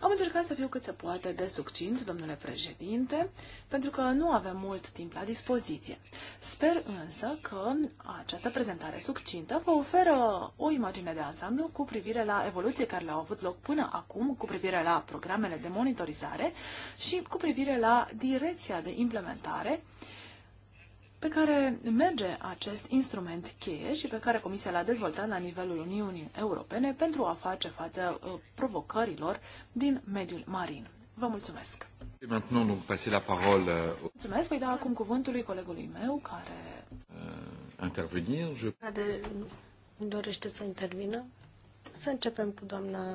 Am încercat să fiu cât se poate de succint, domnule președinte, pentru că nu avem mult timp la dispoziție. Sper însă că această prezentare succintă vă oferă o imagine de ansamblu cu privire la evoluție care le-au avut loc până acum, cu privire la programele de monitorizare și cu privire la direcția de implementare uh, pe care merge acest instrument cheie și pe care Comisia l-a dezvoltat la nivelul Uniunii Europene pentru a face față uh, provocărilor din mediul marin. Vă mulțumesc! Euh, mulțumesc, voi da acum cuvântul lui colegului meu care... Euh, intervenir, je... Care dorește să intervină. Să începem cu doamna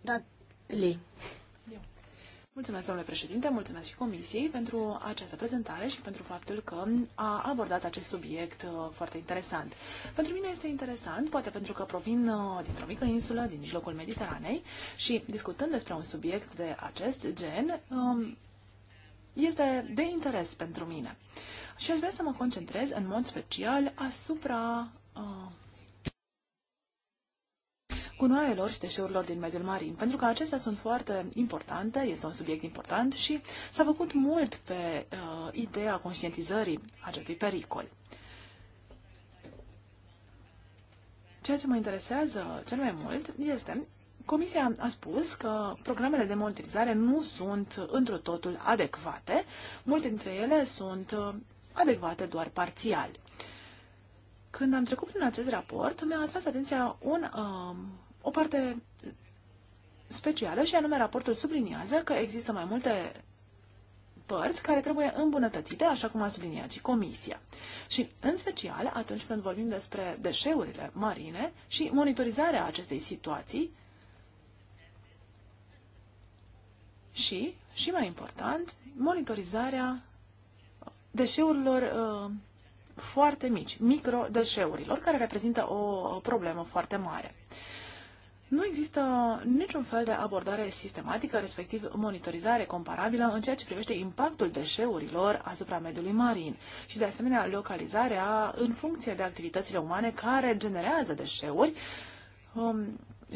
Datli. Mulțumesc, domnule președinte, mulțumesc și Comisiei pentru această prezentare și pentru faptul că a abordat acest subiect uh, foarte interesant. Pentru mine este interesant, poate pentru că provin uh, dintr-o mică insulă din mijlocul Mediteranei și discutând despre un subiect de acest gen, um, este de interes pentru mine. Și aș vrea să mă concentrez în mod special asupra uh, gunoaielor și deșeurilor din mediul marin, pentru că acestea sunt foarte importante, este un subiect important și s-a făcut mult pe uh, ideea conștientizării acestui pericol. Ceea ce mă interesează cel mai mult este Comisia a spus că programele de monitorizare nu sunt într-o totul adecvate, multe dintre ele sunt uh, adecvate doar parțial. Când am trecut prin acest raport, mi-a atras atenția un uh, o parte specială și anume raportul subliniază că există mai multe părți care trebuie îmbunătățite, așa cum a subliniat și Comisia. Și, în special, atunci când vorbim despre deșeurile marine și monitorizarea acestei situații și, și mai important, monitorizarea deșeurilor uh, foarte mici, microdeșeurilor, care reprezintă o problemă foarte mare. Uh, nu există niciun fel de abordare sistematică, respectiv monitorizare comparabilă în ceea ce privește impactul deșeurilor asupra mediului marin și, de asemenea, localizarea în funcție de activitățile umane care generează deșeuri um,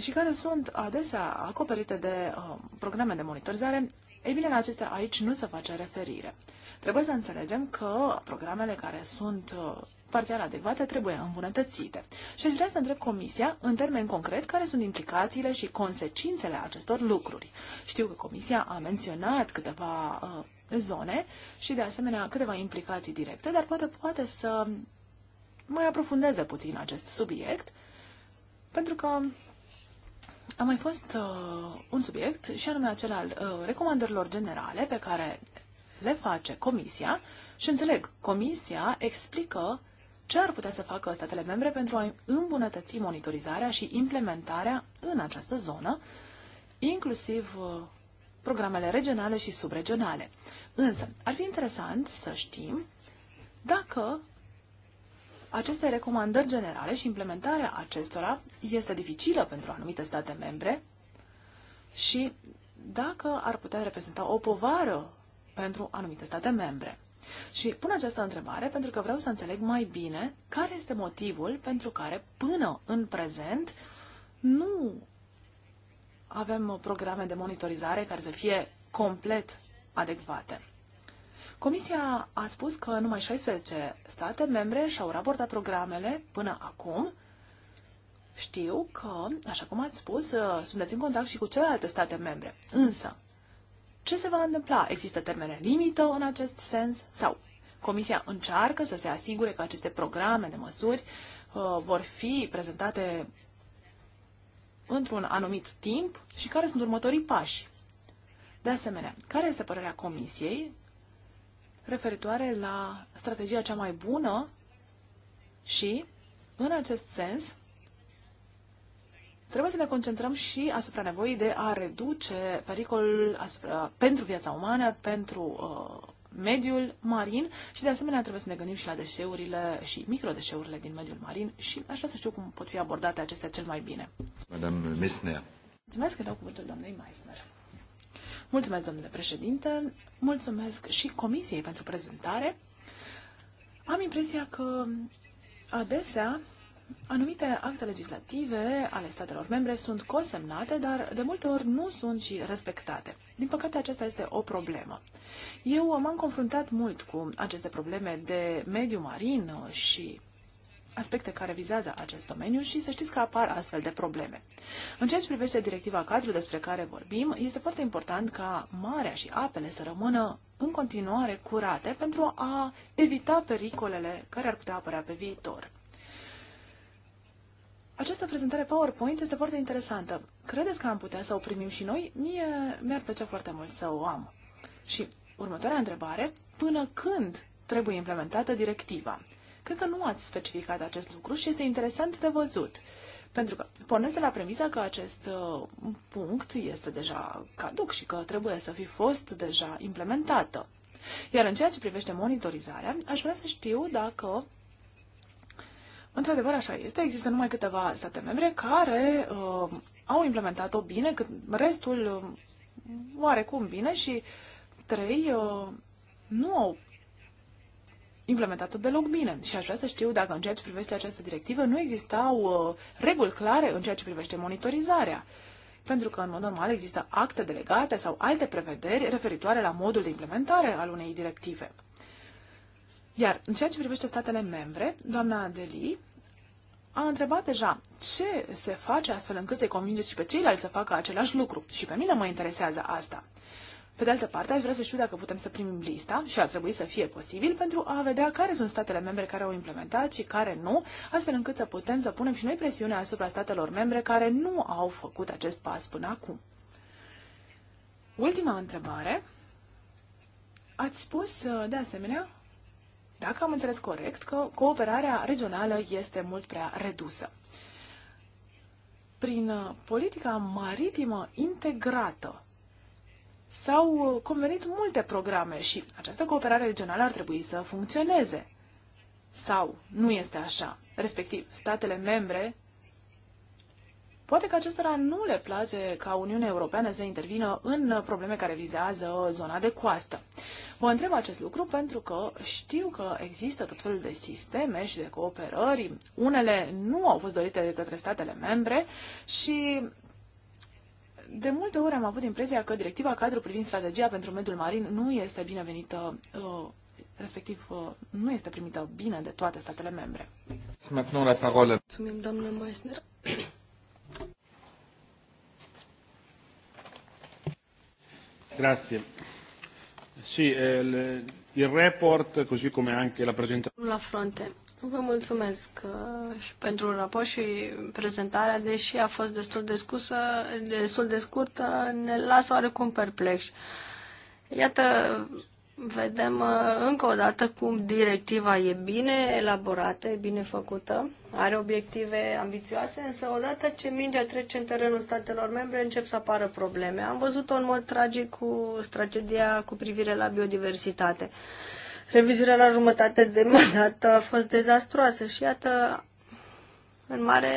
și care sunt adesea acoperite de um, programe de monitorizare. Ei bine, la acestea aici nu se face referire. Trebuie să înțelegem că programele care sunt uh, parțial adecvate trebuie îmbunătățite. Și aș vrea să întreb Comisia, în termen concret, care sunt implicațiile și consecințele acestor lucruri. Știu că Comisia a menționat câteva uh, zone și, de asemenea, câteva implicații directe, dar poate poate să mai aprofundeze puțin acest subiect, pentru că a mai fost uh, un subiect și anume acela al uh, recomandărilor generale pe care le face Comisia și înțeleg, Comisia explică ce ar putea să facă statele membre pentru a îmbunătăți monitorizarea și implementarea în această zonă, inclusiv uh, programele regionale și subregionale. Însă, ar fi interesant să știm dacă aceste recomandări generale și implementarea acestora este dificilă pentru anumite state membre și dacă ar putea reprezenta o povară pentru anumite state membre. Și pun această întrebare pentru că vreau să înțeleg mai bine care este motivul pentru care până în prezent nu avem programe de monitorizare care să fie complet adecvate. Comisia a spus că numai 16 state membre și-au raportat programele până acum. Știu că, așa cum ați spus, sunteți în contact și cu celelalte state membre. Însă, ce se va întâmpla? Există termene limită în acest sens sau Comisia încearcă să se asigure că aceste programe de măsuri uh, vor fi prezentate într-un anumit timp și care sunt următorii pași. De asemenea, care este părerea Comisiei referitoare la strategia cea mai bună și, în acest sens, Trebuie să ne concentrăm și asupra nevoii de a reduce pericolul asupra, pentru viața umană, pentru uh, mediul marin și de asemenea trebuie să ne gândim și la deșeurile și microdeșeurile din mediul marin și aș vrea să știu cum pot fi abordate acestea cel mai bine. Madame Mesner. Mulțumesc că dau cuvântul doamnei Meissner. Mulțumesc, domnule președinte, mulțumesc și comisiei pentru prezentare. Am impresia că adesea Anumite acte legislative ale statelor membre sunt consemnate, dar de multe ori nu sunt și respectate. Din păcate, aceasta este o problemă. Eu m-am confruntat mult cu aceste probleme de mediu marin și aspecte care vizează acest domeniu și să știți că apar astfel de probleme. În ceea ce privește directiva cadru despre care vorbim, este foarte important ca marea și apele să rămână în continuare curate pentru a evita pericolele care ar putea apărea pe viitor. Această prezentare PowerPoint este foarte interesantă. Credeți că am putea să o primim și noi? Mie mi-ar plăcea foarte mult să o am. Și următoarea întrebare, până când trebuie implementată directiva? Cred că nu ați specificat acest lucru și este interesant de văzut. Pentru că pornesc de la premisa că acest uh, punct este deja caduc și că trebuie să fi fost deja implementată. Iar în ceea ce privește monitorizarea, aș vrea să știu dacă Într-adevăr, așa este. Există numai câteva state membre care uh, au implementat-o bine, cât restul uh, oarecum bine și trei uh, nu au implementat-o deloc bine. Și aș vrea să știu dacă în ceea ce privește această directivă nu existau uh, reguli clare în ceea ce privește monitorizarea. Pentru că, în mod normal, există acte delegate sau alte prevederi referitoare la modul de implementare al unei directive. Iar în ceea ce privește statele membre, doamna Adeli a întrebat deja ce se face astfel încât să-i convingeți și pe ceilalți să facă același lucru. Și pe mine mă interesează asta. Pe de altă parte, aș vrea să știu dacă putem să primim lista și ar trebui să fie posibil pentru a vedea care sunt statele membre care au implementat și care nu, astfel încât să putem să punem și noi presiunea asupra statelor membre care nu au făcut acest pas până acum. Ultima întrebare. Ați spus, de asemenea, dacă am înțeles corect, că cooperarea regională este mult prea redusă. Prin uh, politica maritimă integrată s-au uh, convenit multe programe și această cooperare regională ar trebui să funcționeze. Sau nu este așa? Respectiv, statele membre Poate că acestora nu le place ca Uniunea Europeană să intervină în probleme care vizează zona de coastă. Vă întreb acest lucru pentru că știu că există tot felul de sisteme și de cooperări. Unele nu au fost dorite de către statele membre și de multe ori am avut impresia că directiva cadru privind strategia pentru mediul marin nu este binevenită, uh, respectiv uh, nu este primită bine de toate statele membre. Mulțumim, doamnă Meissner. grazie. Sì, el, eh, il report, così come anche la presentazione. La fronte. Vă mulțumesc uh, și pentru raport și prezentarea, deși a fost destul de, scusă, destul de scurtă, ne lasă oarecum perplex. Iată, vedem uh, încă o dată cum directiva e bine elaborată, e bine făcută, are obiective ambițioase, însă odată ce mingea trece în terenul statelor membre, încep să apară probleme. Am văzut-o în mod tragic cu tragedia cu privire la biodiversitate. Revizuirea la jumătate de mandat a fost dezastroasă și iată, în mare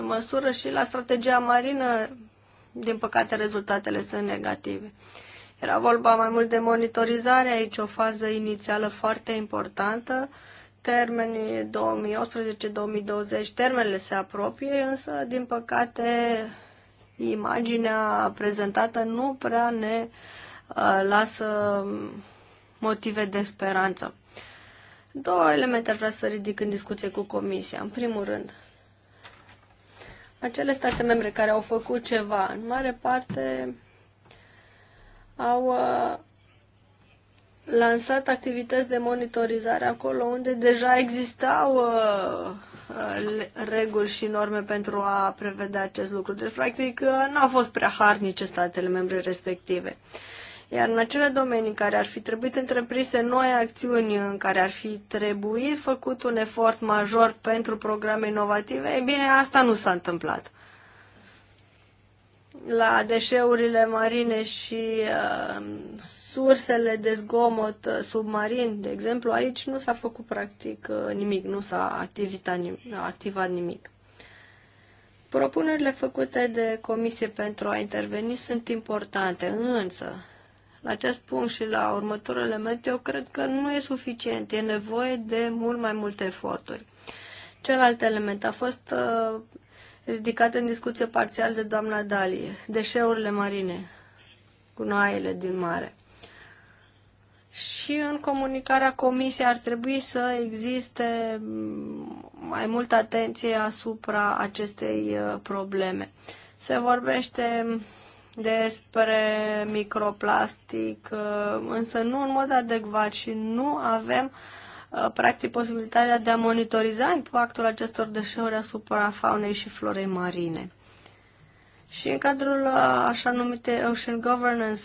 măsură și la strategia marină, din păcate, rezultatele sunt negative. Era vorba mai mult de monitorizare, aici o fază inițială foarte importantă. Termenii 2018-2020, termenele se apropie, însă, din păcate, imaginea prezentată nu prea ne uh, lasă motive de speranță. Două elemente ar vrea să ridic în discuție cu Comisia. În primul rând, acele state membre care au făcut ceva, în mare parte au uh, lansat activități de monitorizare acolo unde deja existau uh, uh, reguli și norme pentru a prevedea acest lucru. Deci, practic, n-au fost prea harnice statele membre respective. Iar în acele domenii în care ar fi trebuit întreprise noi acțiuni, în care ar fi trebuit făcut un efort major pentru programe inovative, e bine, asta nu s-a întâmplat la deșeurile marine și uh, sursele de zgomot uh, submarin, de exemplu, aici nu s-a făcut practic uh, nimic, nu s-a activat nimic. Propunerile făcute de Comisie pentru a interveni sunt importante, însă, la acest punct și la următorul element, eu cred că nu e suficient, e nevoie de mult mai multe eforturi. Celălalt element a fost uh, ridicat în discuție parțial de doamna Dali, deșeurile marine, gunoaiele din mare. Și în comunicarea comisiei ar trebui să existe mai multă atenție asupra acestei uh, probleme. Se vorbește despre microplastic, uh, însă nu în mod adecvat și nu avem uh, Uh, practic posibilitatea de a monitoriza impactul acestor deșeuri asupra faunei și florei marine. Și în cadrul uh, așa numite Ocean Governance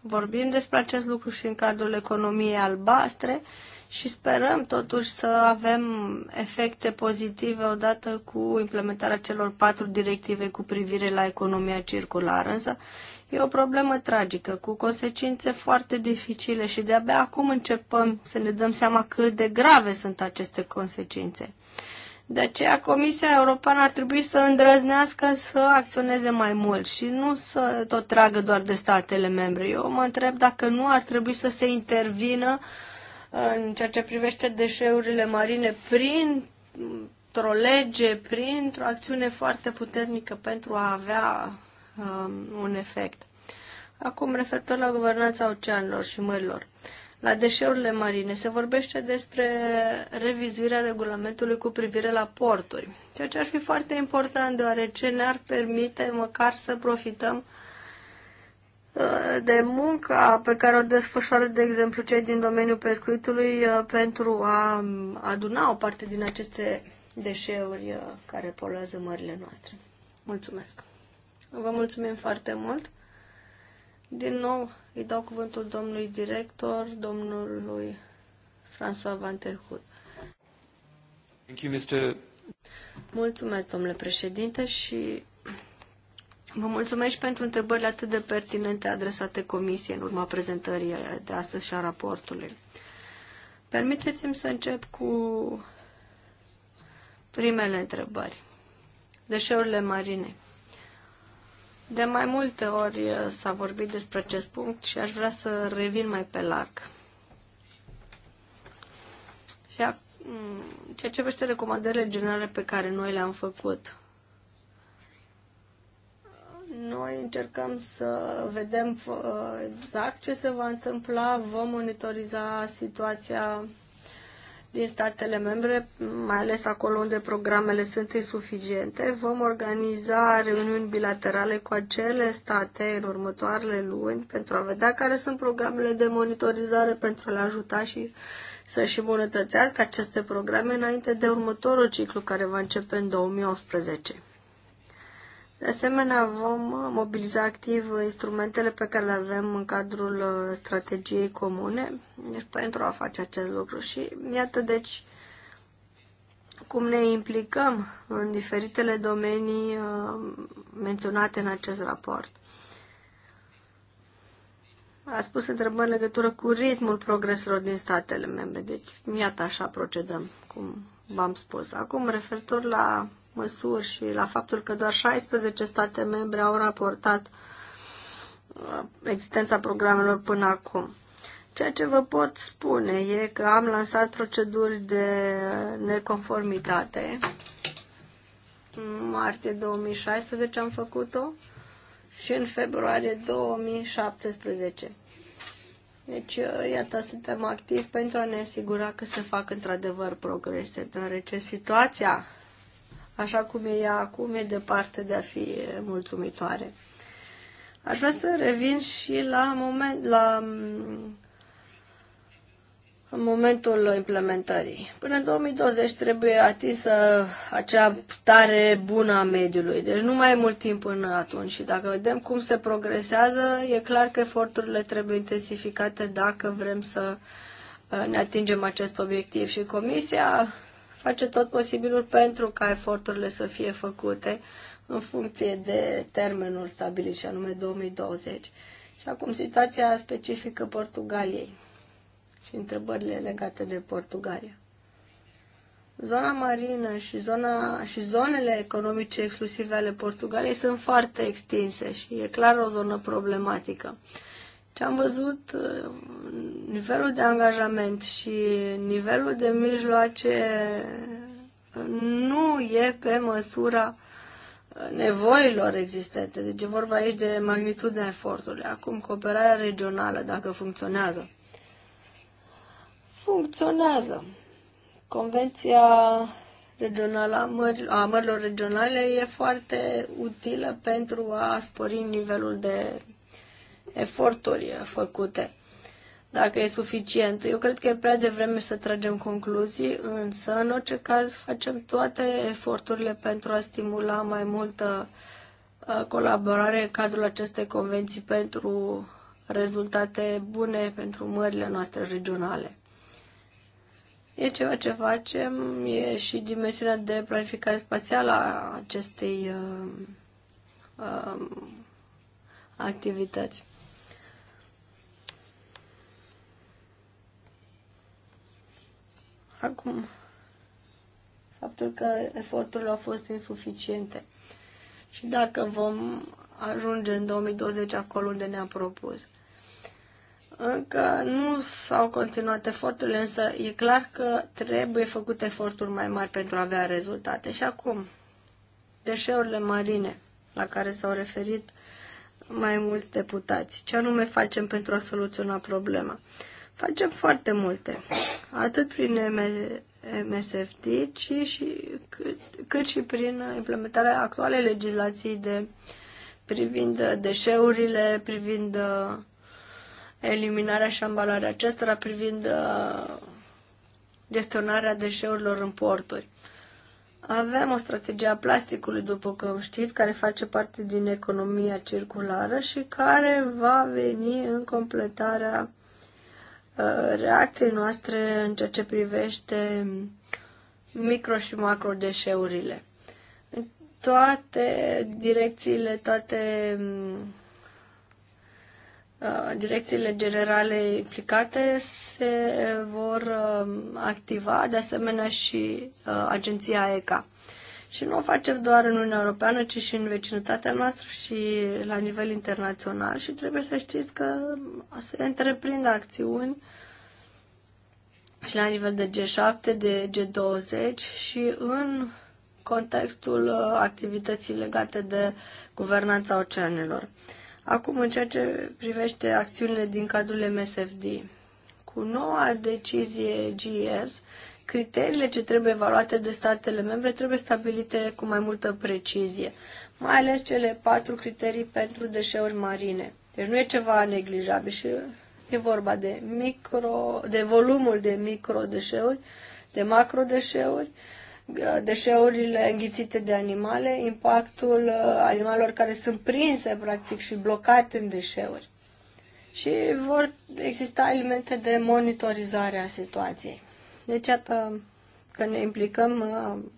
vorbim despre acest lucru și în cadrul economiei albastre și sperăm totuși să avem efecte pozitive odată cu implementarea celor patru directive cu privire la economia circulară. Însă E o problemă tragică, cu consecințe foarte dificile și de-abia acum începem să ne dăm seama cât de grave sunt aceste consecințe. De aceea Comisia Europeană ar trebui să îndrăznească să acționeze mai mult și nu să tot tragă doar de statele membre. Eu mă întreb dacă nu ar trebui să se intervină în ceea ce privește deșeurile marine prin o lege, printr-o acțiune foarte puternică pentru a avea um, un efect. Acum, referitor la guvernanța oceanelor și mărilor. La deșeurile marine se vorbește despre revizuirea regulamentului cu privire la porturi, ceea ce ar fi foarte important deoarece ne-ar permite măcar să profităm uh, de munca pe care o desfășoară, de exemplu, cei din domeniul pescuitului uh, pentru a um, aduna o parte din aceste deșeuri uh, care poluează mările noastre. Mulțumesc! Vă mulțumim foarte mult. Din nou îi dau cuvântul domnului director, domnului François Van Terhut. Thank you, Mr. Mulțumesc, domnule președinte, și vă mulțumesc pentru întrebările atât de pertinente adresate comisiei în urma prezentării de astăzi și a raportului. Permiteți-mi să încep cu primele întrebări. Deșeurile marine. De mai multe ori uh, s-a vorbit despre acest punct și aș vrea să revin mai pe larg. Și a, mm, ceea ce vește recomandările generale pe care noi le-am făcut. Noi încercăm să vedem uh, exact ce se va întâmpla, vom monitoriza situația din statele membre, mai ales acolo unde programele sunt insuficiente. Vom organiza reuniuni bilaterale cu acele state în următoarele luni pentru a vedea care sunt programele de monitorizare pentru a le ajuta și să-și îmbunătățească aceste programe înainte de următorul ciclu care va începe în 2018. De asemenea, vom mobiliza activ instrumentele pe care le avem în cadrul uh, strategiei comune deci, pentru a face acest lucru. Și iată, deci, cum ne implicăm în diferitele domenii uh, menționate în acest raport. Ați pus întrebări în legătură cu ritmul progreselor din statele membre. Deci, iată așa procedăm, cum v-am spus. Acum, referitor la măsuri și la faptul că doar 16 state membre au raportat uh, existența programelor până acum. Ceea ce vă pot spune e că am lansat proceduri de neconformitate. În martie 2016 am făcut-o și în februarie 2017. Deci, uh, iată, suntem activi pentru a ne asigura că se fac într-adevăr progrese, deoarece situația așa cum e ea acum, e departe de a fi mulțumitoare. Aș vrea să revin și la, moment, la mm, momentul implementării. Până în 2020 trebuie atinsă acea stare bună a mediului, deci nu mai e mult timp până atunci și dacă vedem cum se progresează, e clar că eforturile trebuie intensificate dacă vrem să uh, ne atingem acest obiectiv și Comisia face tot posibilul pentru ca eforturile să fie făcute în funcție de termenul stabilit, și anume 2020. Și acum situația specifică Portugaliei și întrebările legate de Portugalia. Zona marină și, zona, și zonele economice exclusive ale Portugaliei sunt foarte extinse și e clar o zonă problematică ce am văzut, uh, nivelul de angajament și nivelul de mijloace nu e pe măsura uh, nevoilor existente. Deci e vorba aici de magnitudinea efortului. Acum, cooperarea regională, dacă funcționează. Funcționează. Convenția regională a, a mărilor regionale e foarte utilă pentru a spori nivelul de eforturi făcute, dacă e suficient. Eu cred că e prea devreme să tragem concluzii, însă, în orice caz, facem toate eforturile pentru a stimula mai multă uh, colaborare în cadrul acestei convenții pentru rezultate bune pentru mările noastre regionale. E ceva ce facem, e și dimensiunea de planificare spațială a acestei uh, uh, activități. Acum, faptul că eforturile au fost insuficiente și dacă vom ajunge în 2020 acolo unde ne-am propus. Încă nu s-au continuat eforturile, însă e clar că trebuie făcut eforturi mai mari pentru a avea rezultate. Și acum, deșeurile marine la care s-au referit mai mulți deputați. Ce anume facem pentru a soluționa problema? Facem foarte multe atât prin MSFT, ci și, cât, cât și prin implementarea actualei legislații de privind deșeurile, privind uh, eliminarea și ambalarea acestora, privind uh, gestionarea deșeurilor în porturi. Avem o strategie a plasticului, după cum știți, care face parte din economia circulară și care va veni în completarea Uh, reacției noastre în ceea ce privește micro și macro deșeurile. În toate direcțiile, toate uh, direcțiile generale implicate se vor uh, activa, de asemenea și agenția ECA. Și nu o facem doar în Uniunea Europeană, ci și în vecinătatea noastră și la nivel internațional. Și trebuie să știți că se întreprind acțiuni și la nivel de G7, de G20 și în contextul uh, activității legate de guvernanța oceanelor. Acum, în ceea ce privește acțiunile din cadrul MSFD, cu noua decizie GS, criteriile ce trebuie evaluate de statele membre trebuie stabilite cu mai multă precizie, mai ales cele patru criterii pentru deșeuri marine. Deci nu e ceva neglijabil și e vorba de, micro, de volumul de microdeșeuri, de macrodeșeuri, deșeurile înghițite de animale, impactul uh, animalelor care sunt prinse practic și blocate în deșeuri. Și vor exista elemente de monitorizare a situației. Deci, iată, că ne implicăm uh,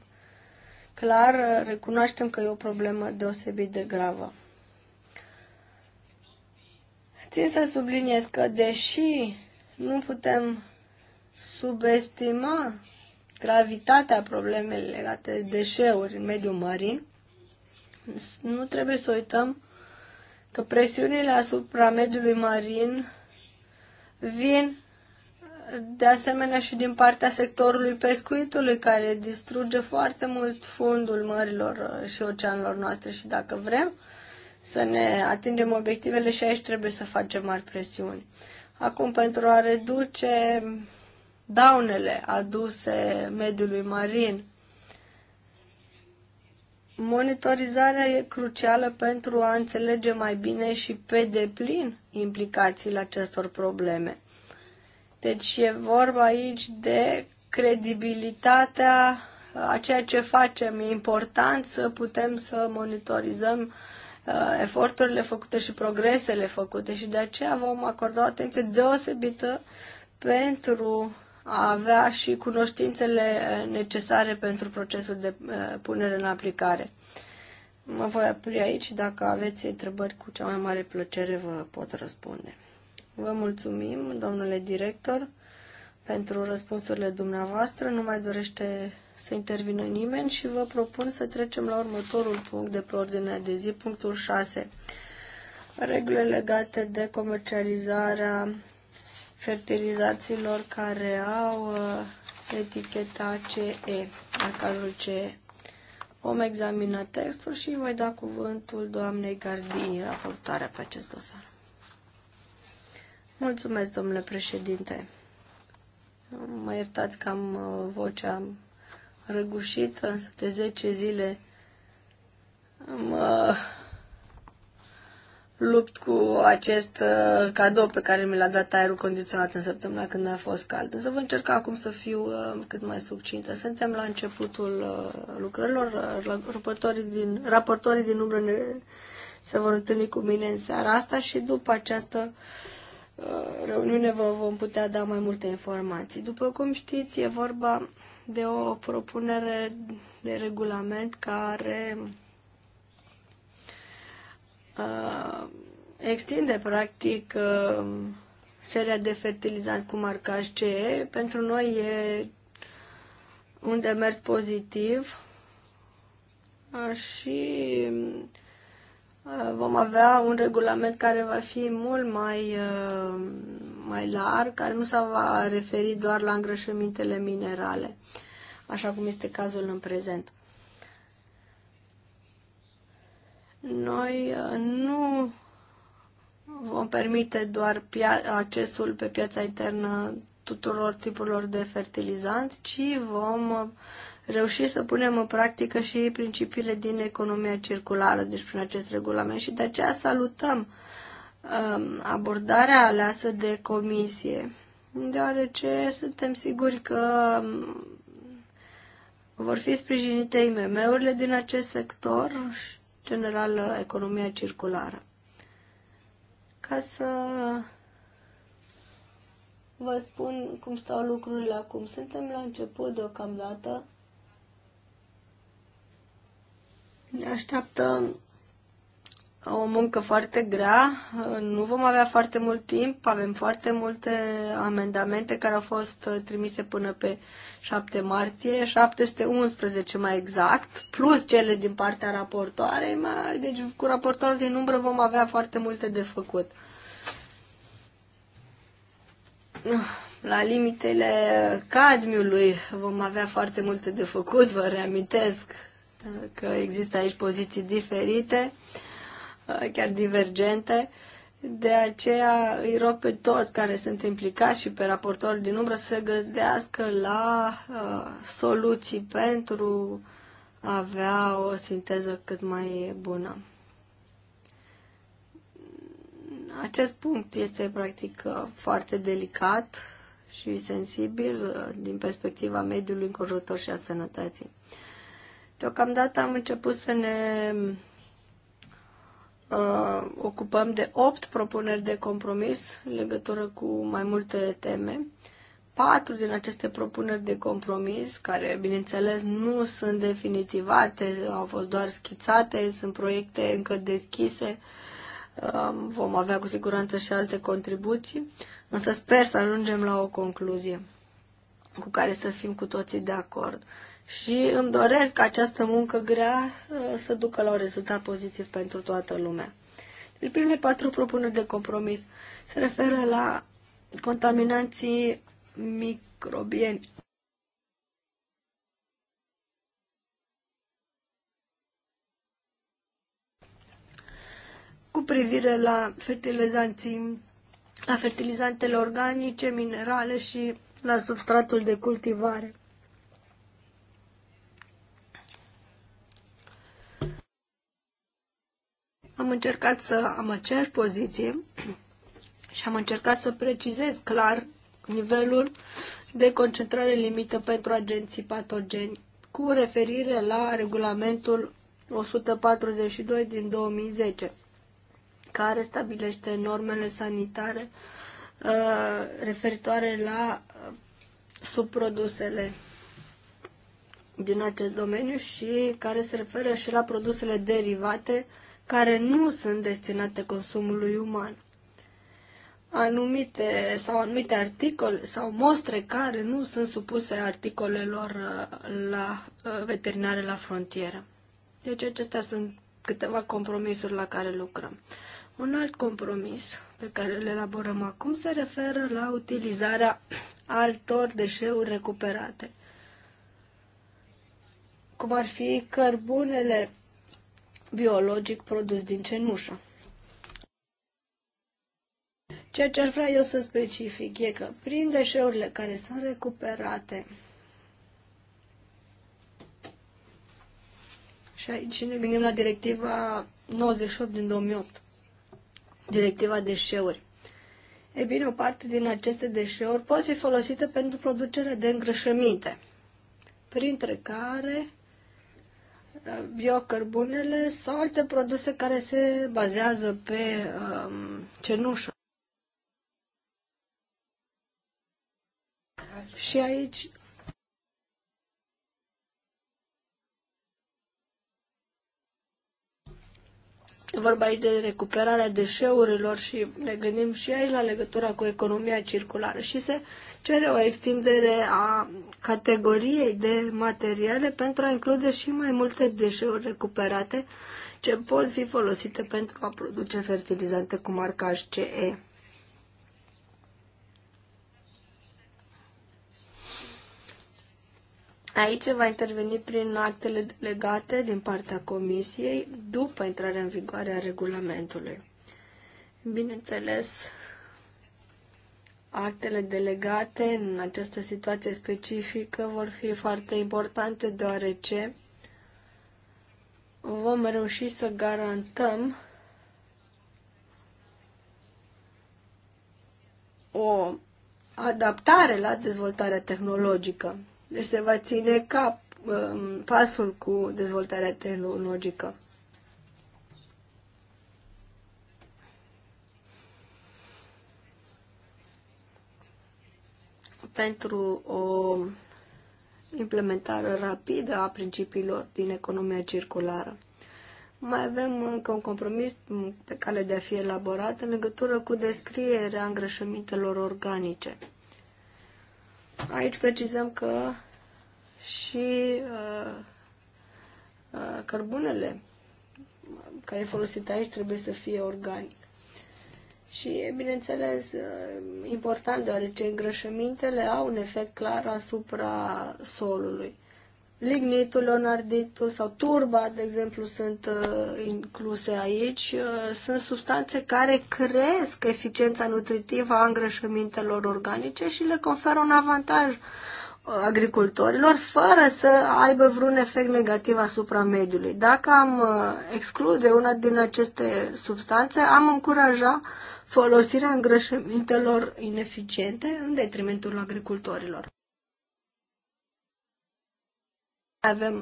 clar, recunoaștem că e o problemă deosebit de gravă. Țin să subliniez că, deși nu putem subestima gravitatea problemei legate de deșeuri în mediul marin, nu trebuie să uităm că presiunile asupra mediului marin vin de asemenea și din partea sectorului pescuitului, care distruge foarte mult fundul mărilor uh, și oceanelor noastre și dacă vrem să ne atingem obiectivele și aici trebuie să facem mari presiuni. Acum, pentru a reduce daunele aduse mediului marin, monitorizarea e crucială pentru a înțelege mai bine și pe deplin implicațiile acestor probleme. Deci e vorba aici de credibilitatea a ceea ce facem. E important să putem să monitorizăm uh, eforturile făcute și progresele făcute și de aceea vom acorda o atenție deosebită pentru a avea și cunoștințele necesare pentru procesul de uh, punere în aplicare. Mă voi opri aici dacă aveți întrebări, cu cea mai mare plăcere vă pot răspunde. Vă mulțumim, domnule director, pentru răspunsurile dumneavoastră. Nu mai dorește să intervină nimeni și vă propun să trecem la următorul punct de pe ordinea de zi, punctul 6. Regulile legate de comercializarea fertilizațiilor care au uh, eticheta CE, acajul CE. Vom examina textul și voi da cuvântul doamnei Gardini, raportarea pe acest dosar. Mulțumesc, domnule președinte. Mă iertați că am uh, vocea răgușită, însă de 10 zile mă uh, lupt cu acest uh, cadou pe care mi l-a dat aerul condiționat în săptămâna când a fost cald. Însă voi încerca acum să fiu cât mai succintă. Suntem la începutul lucrărilor. Raportorii din, raportorii din umbră ne, se vor întâlni cu mine în seara asta și după această Uh, reuniune vă vom putea da mai multe informații. După cum știți, e vorba de o propunere de regulament care uh, extinde practic uh, seria de fertilizanți cu marcaj CE. Pentru noi e un demers pozitiv și Uh, vom avea un regulament care va fi mult mai, uh, mai larg, care nu se va referi doar la îngrășămintele minerale, așa cum este cazul în prezent. Noi uh, nu vom permite doar accesul pe piața internă tuturor tipurilor de fertilizanți, ci vom reușit să punem în practică și principiile din economia circulară, deci prin acest regulament și de aceea salutăm um, abordarea aleasă de comisie, deoarece suntem siguri că um, vor fi sprijinite IMM-urile din acest sector și, general, economia circulară. Ca să vă spun cum stau lucrurile acum. Suntem la început deocamdată Ne așteaptă o muncă foarte grea, nu vom avea foarte mult timp, avem foarte multe amendamente care au fost trimise până pe 7 martie, 711 mai exact, plus cele din partea raportoarei, mai, deci cu raportorul din umbră vom avea foarte multe de făcut. La limitele cadmiului vom avea foarte multe de făcut, vă reamintesc că există aici poziții diferite, uh, chiar divergente. De aceea îi rog pe toți care sunt implicați și pe raportori din umbră să se gândească la uh, soluții pentru a avea o sinteză cât mai bună. Acest punct este practic uh, foarte delicat și sensibil uh, din perspectiva mediului înconjurător și a sănătății. Uh, Deocamdată am început să ne uh, ocupăm de 8 propuneri de compromis în legătură cu mai multe teme. Patru din aceste propuneri de compromis, care, bineînțeles, nu sunt definitivate, au fost doar schițate, sunt proiecte încă deschise, um, vom avea cu siguranță și alte contribuții, însă sper să ajungem la o concluzie cu care să fim cu toții de acord și îmi doresc ca această muncă grea uh, să ducă la un rezultat pozitiv pentru toată lumea. Deci, primele patru propuneri de compromis se referă la contaminanții microbieni. Cu privire la fertilizanții, la fertilizantele organice, minerale și la substratul de cultivare. Am încercat să am aceeași poziție și am încercat să precizez clar nivelul de concentrare limită pentru agenții patogeni cu referire la regulamentul 142 din 2010 care stabilește normele sanitare uh, referitoare la uh, subprodusele din acest domeniu și care se referă și la produsele derivate uh, care nu sunt destinate consumului uman. Anumite sau anumite articole sau mostre care nu sunt supuse articolelor uh, la uh, veterinare la frontieră. Deci acestea sunt câteva compromisuri la care lucrăm. Un alt compromis pe care îl elaborăm acum se referă la utilizarea altor deșeuri recuperate, cum ar fi cărbunele biologic produs din cenușă. Ceea ce ar vrea eu să specific e că prin deșeurile care sunt recuperate și aici ne gândim la directiva 98 din 2008, directiva deșeuri. E bine, o parte din aceste deșeuri pot fi folosite pentru producerea de îngrășăminte, printre care biocărbunele sau alte produse care se bazează pe um, cenușă. Și aici E vorba aici de recuperarea deșeurilor și ne gândim și aici la legătura cu economia circulară și se cere o extindere a categoriei de materiale pentru a include și mai multe deșeuri recuperate ce pot fi folosite pentru a produce fertilizante cu marcaj CE. Aici va interveni prin actele delegate din partea Comisiei după intrarea în vigoare a regulamentului. Bineînțeles, actele delegate în această situație specifică vor fi foarte importante deoarece vom reuși să garantăm o adaptare la dezvoltarea tehnologică. Deci se va ține cap um, pasul cu dezvoltarea tehnologică. Pentru o implementare rapidă a principiilor din economia circulară. Mai avem încă un compromis pe cale de a fi elaborat în legătură cu descrierea îngrășămintelor organice. Aici precizăm că și uh, uh, cărbunele care e folosit aici trebuie să fie organic. Și e, bineînțeles, uh, important deoarece îngrășămintele au un efect clar asupra solului lignitul, leonarditul sau turba, de exemplu, sunt uh, incluse aici. Uh, sunt substanțe care cresc eficiența nutritivă a îngrășămintelor organice și le conferă un avantaj uh, agricultorilor fără să aibă vreun efect negativ asupra mediului. Dacă am uh, exclude una din aceste substanțe, am încuraja folosirea îngrășămintelor ineficiente în detrimentul agricultorilor. Avem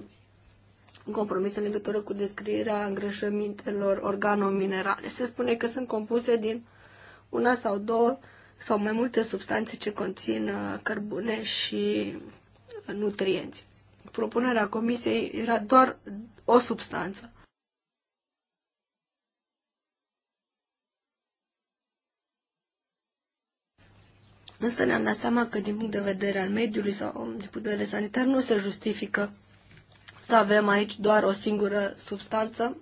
un compromis în legătură cu descrierea îngrășămintelor organominerale. Se spune că sunt compuse din una sau două sau mai multe substanțe ce conțin uh, cărbune și uh, nutrienți. Propunerea comisiei era doar o substanță. Însă ne-am dat seama că din punct de vedere al mediului sau din punct de vedere sanitar nu se justifică să avem aici doar o singură substanță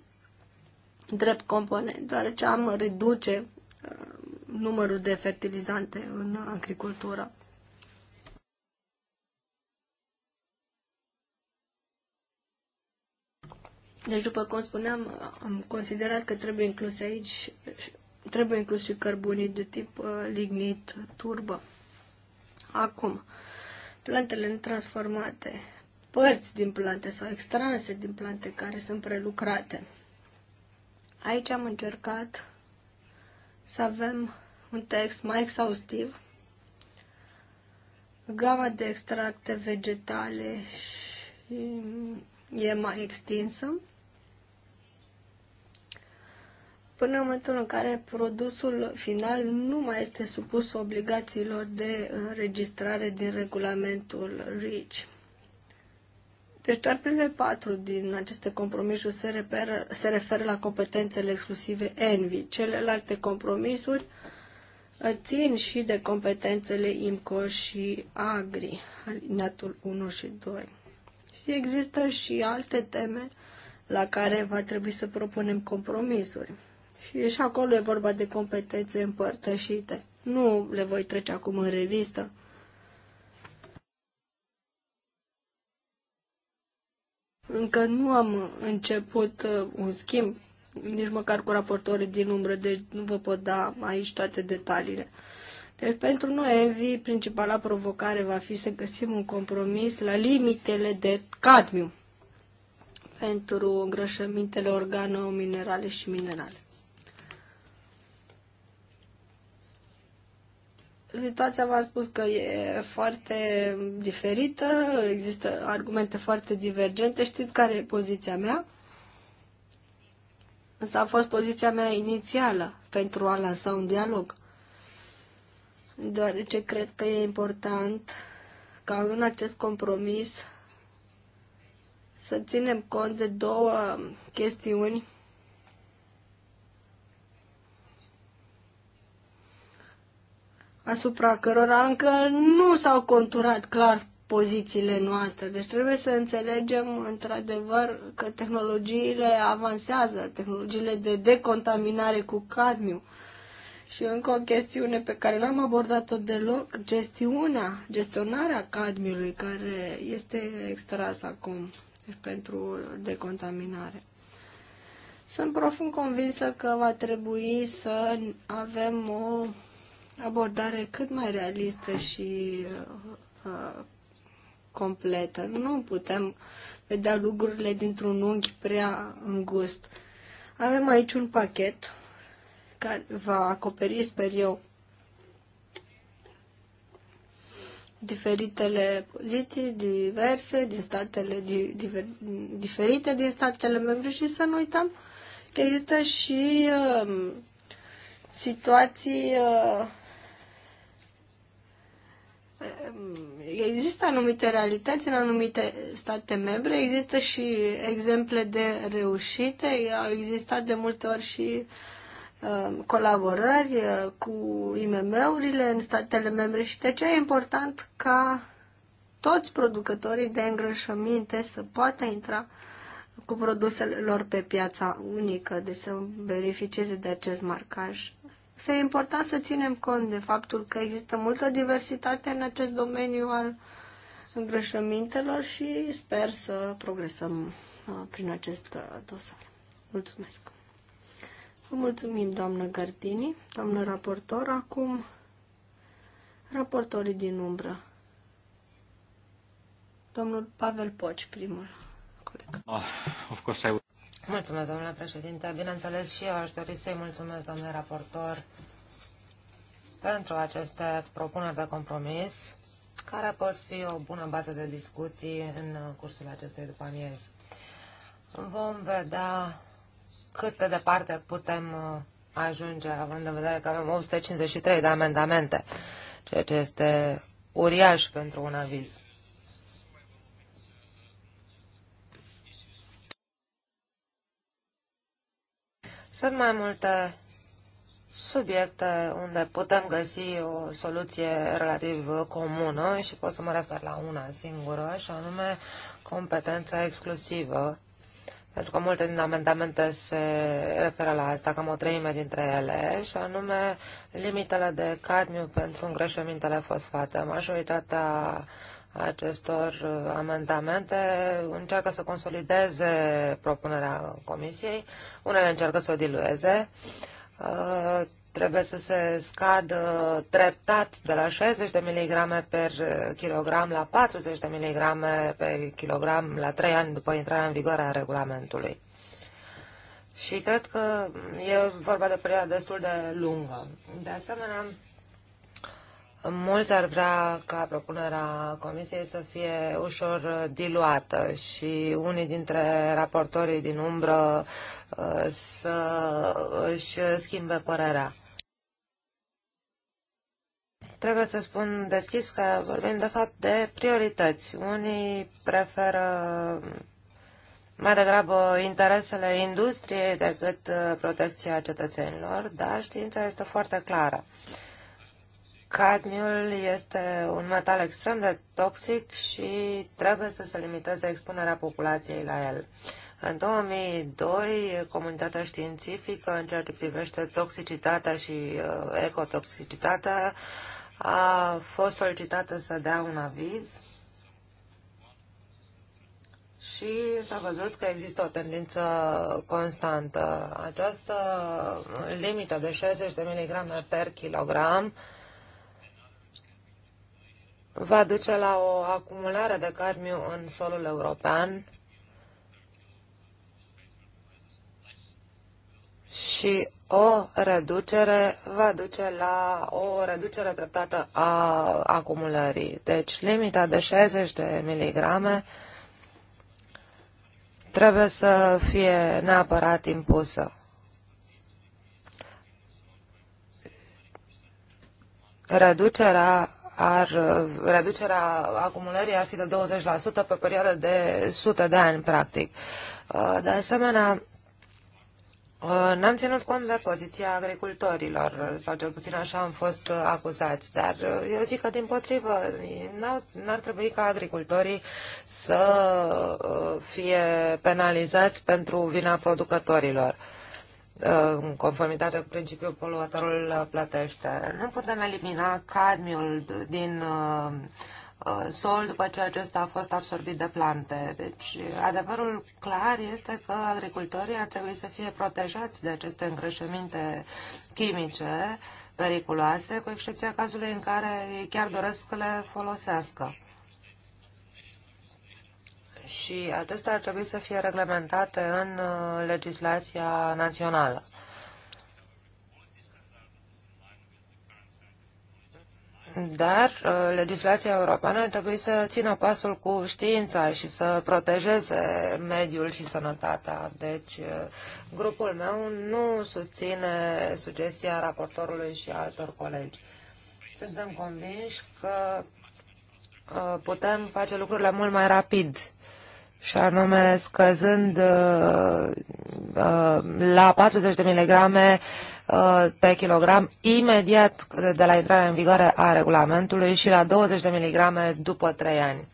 drept component, deoarece am reduce uh, numărul de fertilizante în agricultură. Deci, după cum spuneam, am considerat că trebuie inclus aici, trebuie inclus și cărbunii de tip uh, lignit, turbă. Acum, plantele transformate părți din plante sau extrase din plante care sunt prelucrate. Aici am încercat să avem un text mai exhaustiv, gama de extracte vegetale și e mai extinsă, până în momentul în care produsul final nu mai este supus obligațiilor de înregistrare din regulamentul REACH. Deci doar primele patru din aceste compromisuri se, reperă, se referă la competențele exclusive ENVI. Celelalte compromisuri uh, țin și de competențele IMCO și AGRI, alineatul 1 și 2. Și există și alte teme la care va trebui să propunem compromisuri. Și, și acolo e vorba de competențe împărtășite. Nu le voi trece acum în revistă. Încă nu am început uh, un schimb, nici măcar cu raportorii din umbră, deci nu vă pot da aici toate detaliile. Deci pentru noi, evi, principala provocare va fi să găsim un compromis la limitele de cadmiu pentru îngrășămintele organo-minerale și minerale. Situația, v-am spus că e foarte diferită, există argumente foarte divergente. Știți care e poziția mea? Însă a fost poziția mea inițială pentru a lansa un dialog. Deoarece cred că e important ca în acest compromis să ținem cont de două chestiuni asupra cărora încă nu s-au conturat clar pozițiile noastre. Deci trebuie să înțelegem într-adevăr că tehnologiile avansează, tehnologiile de decontaminare cu cadmiu. Și încă o chestiune pe care n-am abordat-o deloc, gestiunea, gestionarea cadmiului care este extras acum pentru decontaminare. Sunt profund convinsă că va trebui să avem o abordare cât mai realistă și uh, uh, completă. Nu putem vedea lucrurile dintr-un unghi prea îngust. Avem aici un pachet care va acoperi, sper eu, diferitele poziții diverse din statele diver, diferite din statele membre și să nu uităm că există și uh, situații uh, Ehm, există anumite realități în anumite state membre, există și exemple de reușite, au existat de multe ori și ehm, colaborări eh, cu IMM-urile în statele membre și de ce e important ca toți producătorii de îngrășăminte să poată intra cu produsele lor pe piața unică, de deci să beneficieze de acest marcaj este important să ținem cont de faptul că există multă diversitate în acest domeniu al îngrășămintelor și sper să progresăm uh, prin acest uh, dosar. Mulțumesc! Vă mulțumim, doamnă Gardini, doamnă raportor. Acum, raportorii din umbră. Domnul Pavel Poci, primul Oh, of course I... Mulțumesc, domnule președinte. Bineînțeles și eu aș dori să-i mulțumesc, domnule raportor, pentru aceste propuneri de compromis, care pot fi o bună bază de discuții în cursul acestei după amiezi. Vom vedea cât de departe putem uh, ajunge, având în vedere că avem 153 de amendamente, ceea ce este uriaș pentru un aviz. Sunt mai multe subiecte unde putem găsi o soluție relativ comună și pot să mă refer la una singură, și anume competența exclusivă. Pentru că multe din amendamente se referă la asta, cam o treime dintre ele, și anume limitele de cadmiu pentru îngrășămintele fosfate. Majoritatea uh, acestor uh, amendamente încearcă să consolideze propunerea Comisiei, unele încearcă să o dilueze. Uh, trebuie să se scadă treptat de la 60 de miligrame per kilogram la 40 de miligrame per kilogram la 3 ani după intrarea în vigoare a regulamentului. Și cred că e vorba de perioadă destul de lungă. De asemenea, Mulți ar vrea ca propunerea Comisiei să fie ușor diluată și unii dintre raportorii din umbră uh, să își schimbe părerea. Trebuie să spun deschis că vorbim de fapt de priorități. Unii preferă mai degrabă interesele industriei decât uh, protecția cetățenilor, dar știința este foarte clară. Cadmiul este un metal extrem de toxic și trebuie să se limiteze expunerea populației la el. În 2002, comunitatea științifică în ceea ce privește toxicitatea și uh, ecotoxicitatea a fost solicitată să dea un aviz și s-a văzut că există o tendință constantă. Această limită de 60 de mg per kilogram uh, va duce la o acumulare de cadmiu în solul european și o reducere va duce la o reducere treptată a acumulării. Deci limita de 60 de miligrame trebuie să fie neapărat impusă. Reducerea ar, uh, reducerea acumulării ar fi de 20% pe perioadă de 100 de ani, practic. Uh, de asemenea, uh, N-am ținut cont de poziția agricultorilor, sau cel puțin așa am fost acuzați, dar eu zic că din potrivă, n-ar trebui ca agricultorii să fie penalizați pentru vina producătorilor. Uh, în conformitate cu principiul poluatorul plătește. Nu putem elimina cadmiul din uh, uh, sol după ce acesta a fost absorbit de plante. Deci, adevărul clar este că agricultorii ar trebui să fie protejați de aceste îngrășăminte chimice periculoase, cu excepția cazului în care ei chiar doresc să le folosească și acestea ar trebui să fie reglementate în uh, legislația națională. Dar uh, legislația europeană ar trebui să țină pasul cu știința și să protejeze mediul și sănătatea. Deci, uh, grupul meu nu susține sugestia raportorului și altor colegi. Suntem convinși că putem face lucrurile mult mai rapid și anume scăzând uh, uh, la 40 de miligrame uh, pe kilogram imediat de la intrarea în vigoare a regulamentului și la 20 de miligrame după 3 ani.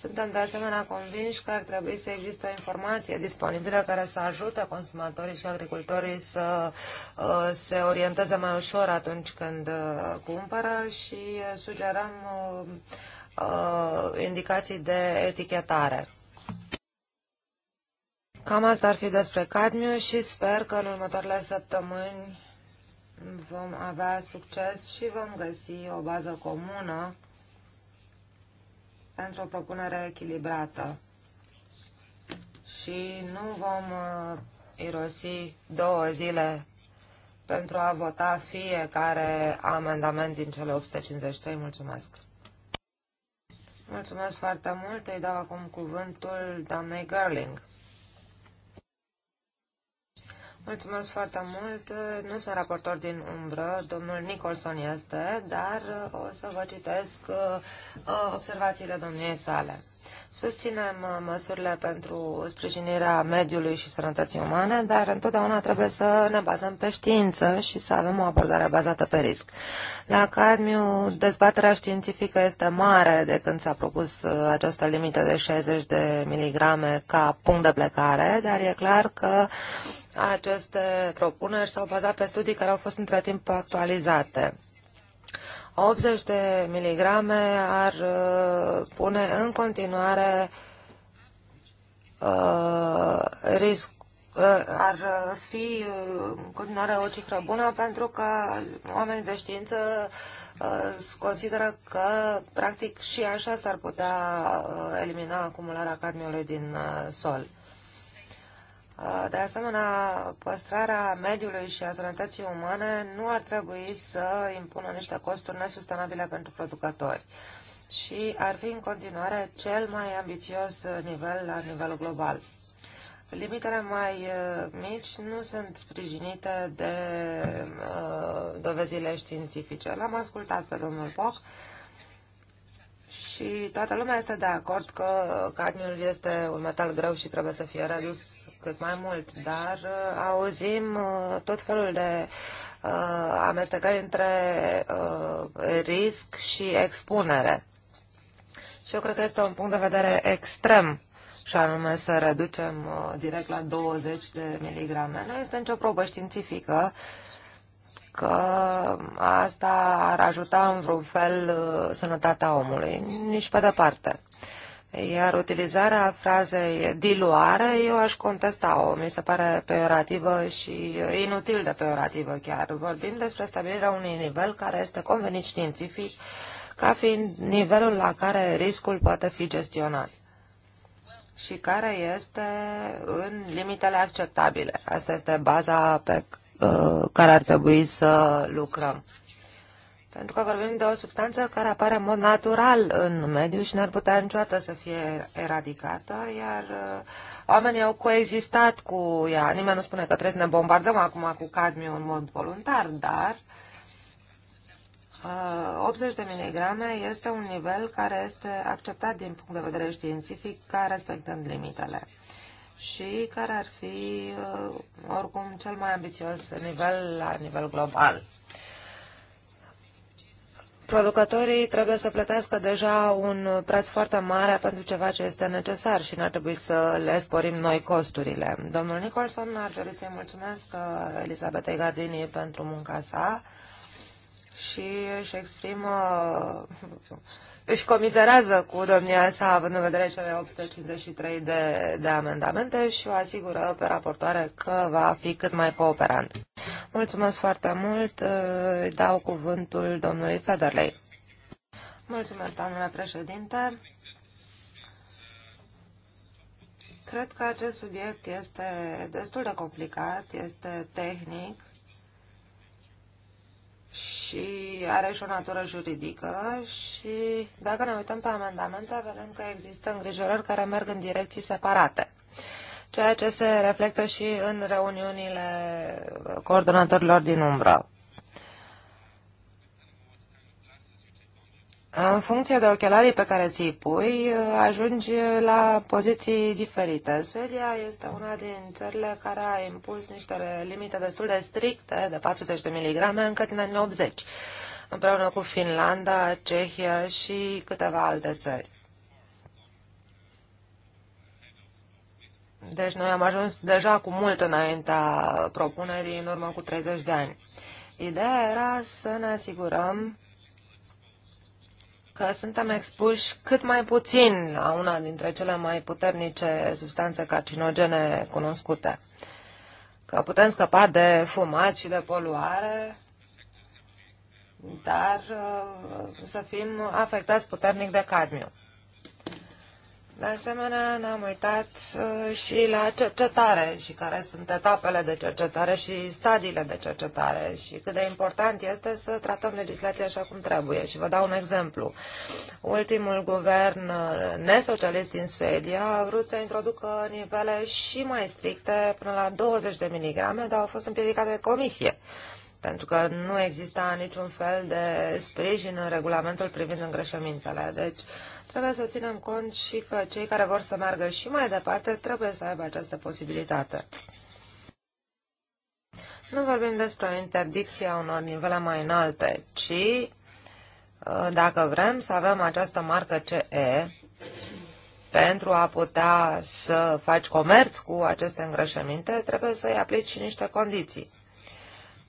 Suntem de asemenea convinși că ar trebui să existe o informație disponibilă care să ajute consumatorii și agricultorii să uh, se orienteze mai ușor atunci când uh, cumpără și sugerăm uh, uh, indicații de etichetare. Cam asta ar fi despre cadmiu și sper că în următoarele săptămâni vom avea succes și vom găsi o bază comună pentru o propunere echilibrată. Și nu vom uh, irosi două zile pentru a vota fiecare amendament din cele 853. Mulțumesc! Mulțumesc foarte mult. Îi dau acum cuvântul doamnei Gerling. Mulțumesc foarte mult. Nu sunt raportor din umbră, domnul Nicholson este, dar uh, o să vă citesc uh, uh, observațiile domniei sale. Susținem măsurile pentru sprijinirea mediului și sănătății umane, dar întotdeauna trebuie să ne bazăm pe știință și să avem o abordare bazată pe risc. La cadmiu, dezbaterea științifică este mare de când s-a propus această limită de 60 de miligrame ca punct de plecare, dar e clar că aceste propuneri s-au bazat pe studii care au fost între timp actualizate. 80 de miligrame ar uh, pune în continuare uh, risc uh, ar fi uh, în continuare o cifră bună pentru că oamenii de știință consideră că practic și așa s-ar putea elimina acumularea cadmiului din sol. De asemenea, păstrarea mediului și a sănătății umane nu ar trebui să impună niște costuri nesustenabile pentru producători și ar fi în continuare cel mai ambițios nivel la nivel global. Limitele mai uh, mici nu sunt sprijinite de uh, dovezile științifice. L-am ascultat pe domnul Poc și toată lumea este de acord că cadmiul este un metal greu și trebuie să fie redus cât mai mult, dar uh, auzim uh, tot felul de uh, amestecări între risc și expunere. Și eu cred că este un punct de vedere extrem și anume să reducem direct la 20 de miligrame. Nu este nicio probă științifică că asta ar ajuta în vreun fel sănătatea omului, nici pe departe. Iar utilizarea frazei diluare, eu aș contesta-o. Mi se pare peorativă și inutil de peorativă chiar. Vorbim despre stabilirea unui nivel care este convenit științific ca fiind nivelul la care riscul poate fi gestionat și care este în limitele acceptabile. Asta este baza pe uh, care ar trebui să lucrăm. Pentru că vorbim de o substanță care apare în mod natural în mediu și n-ar putea niciodată să fie eradicată, iar uh, oamenii au coexistat cu ea. Nimeni nu spune că trebuie să ne bombardăm acum cu cadmiu în mod voluntar, dar 80 uh, de miligrame este un nivel care este acceptat din punct de vedere științific ca respectând limitele și care ar fi uh, oricum cel mai ambițios nivel la nivel global producătorii trebuie să plătească deja un preț foarte mare pentru ceva ce este necesar și nu ar trebui să le sporim noi costurile. Domnul Nicholson ar trebui să-i mulțumesc uh, Elisabetei Gardini pentru munca sa și își exprimă, își comizerează cu domnia sa, având în vedere cele 853 de, de amendamente și o asigură pe raportoare că va fi cât mai cooperant. Mulțumesc foarte mult. Dau cuvântul domnului Federley. Mulțumesc, domnule președinte. Cred că acest subiect este destul de complicat, este tehnic și are și o natură juridică și dacă ne uităm pe amendamente, vedem că există îngrijorări care merg în direcții separate. Uh, ceea ce se reflectă și în reuniunile coordonatorilor din umbră. În funcție de ochelarii pe care ți-i pui, ajungi la poziții diferite. Suedia este una din țările care a impus niște limite destul de stricte, de 40 de miligrame, încă din anii 80, împreună cu Finlanda, Cehia și câteva alte țări. Deci noi am ajuns deja cu mult înaintea propunerii în urmă cu 30 de ani. Ideea era să ne asigurăm că suntem expuși cât mai puțin la una dintre cele mai puternice substanțe carcinogene cunoscute. Că putem scăpa de fumat și de poluare, dar uh, să fim afectați puternic de cadmiu. De asemenea, ne-am uitat uh, și la cercetare și care sunt etapele de cercetare și stadiile de cercetare și cât de important este să tratăm legislația așa cum trebuie. Și vă dau un exemplu. Ultimul guvern uh, nesocialist din Suedia a vrut să introducă nivele și mai stricte până la 20 de miligrame, dar au fost împiedicate de comisie pentru că nu exista niciun fel de sprijin în regulamentul privind îngrășămintele. Deci, uh, trebuie să ținem cont și că cei care vor să meargă și mai departe trebuie să aibă această posibilitate. Nu vorbim despre o interdicție a unor nivele mai înalte, ci uh, dacă vrem să avem această marcă CE pentru a putea să faci comerț cu aceste îngrășăminte, trebuie să-i aplici și niște condiții.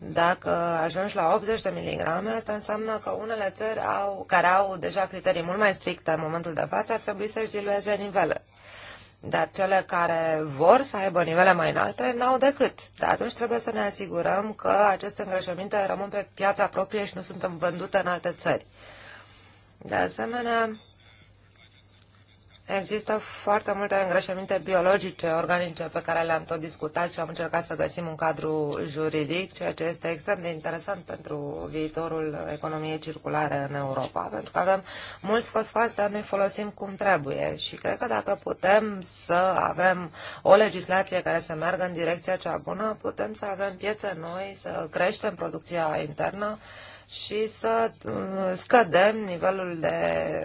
Dacă ajungi la 80 de miligrame, asta înseamnă că unele țări au, care au deja criterii mult mai stricte în momentul de față ar trebui să-și dilueze nivele. Dar cele care vor să aibă nivele mai înalte n-au decât. Dar atunci trebuie să ne asigurăm că aceste îngrășăminte rămân pe piața proprie și nu sunt vândute în alte țări. De asemenea, Există foarte multe îngrășăminte biologice, organice, pe care le-am tot discutat și am încercat să găsim un cadru juridic, ceea ce este extrem de interesant pentru viitorul economiei circulare în Europa, pentru că avem mulți fosfați, dar noi folosim cum trebuie și cred că dacă putem să avem o legislație care să meargă în direcția cea bună, putem să avem piețe noi, să creștem producția internă, și să uh, scădem nivelul de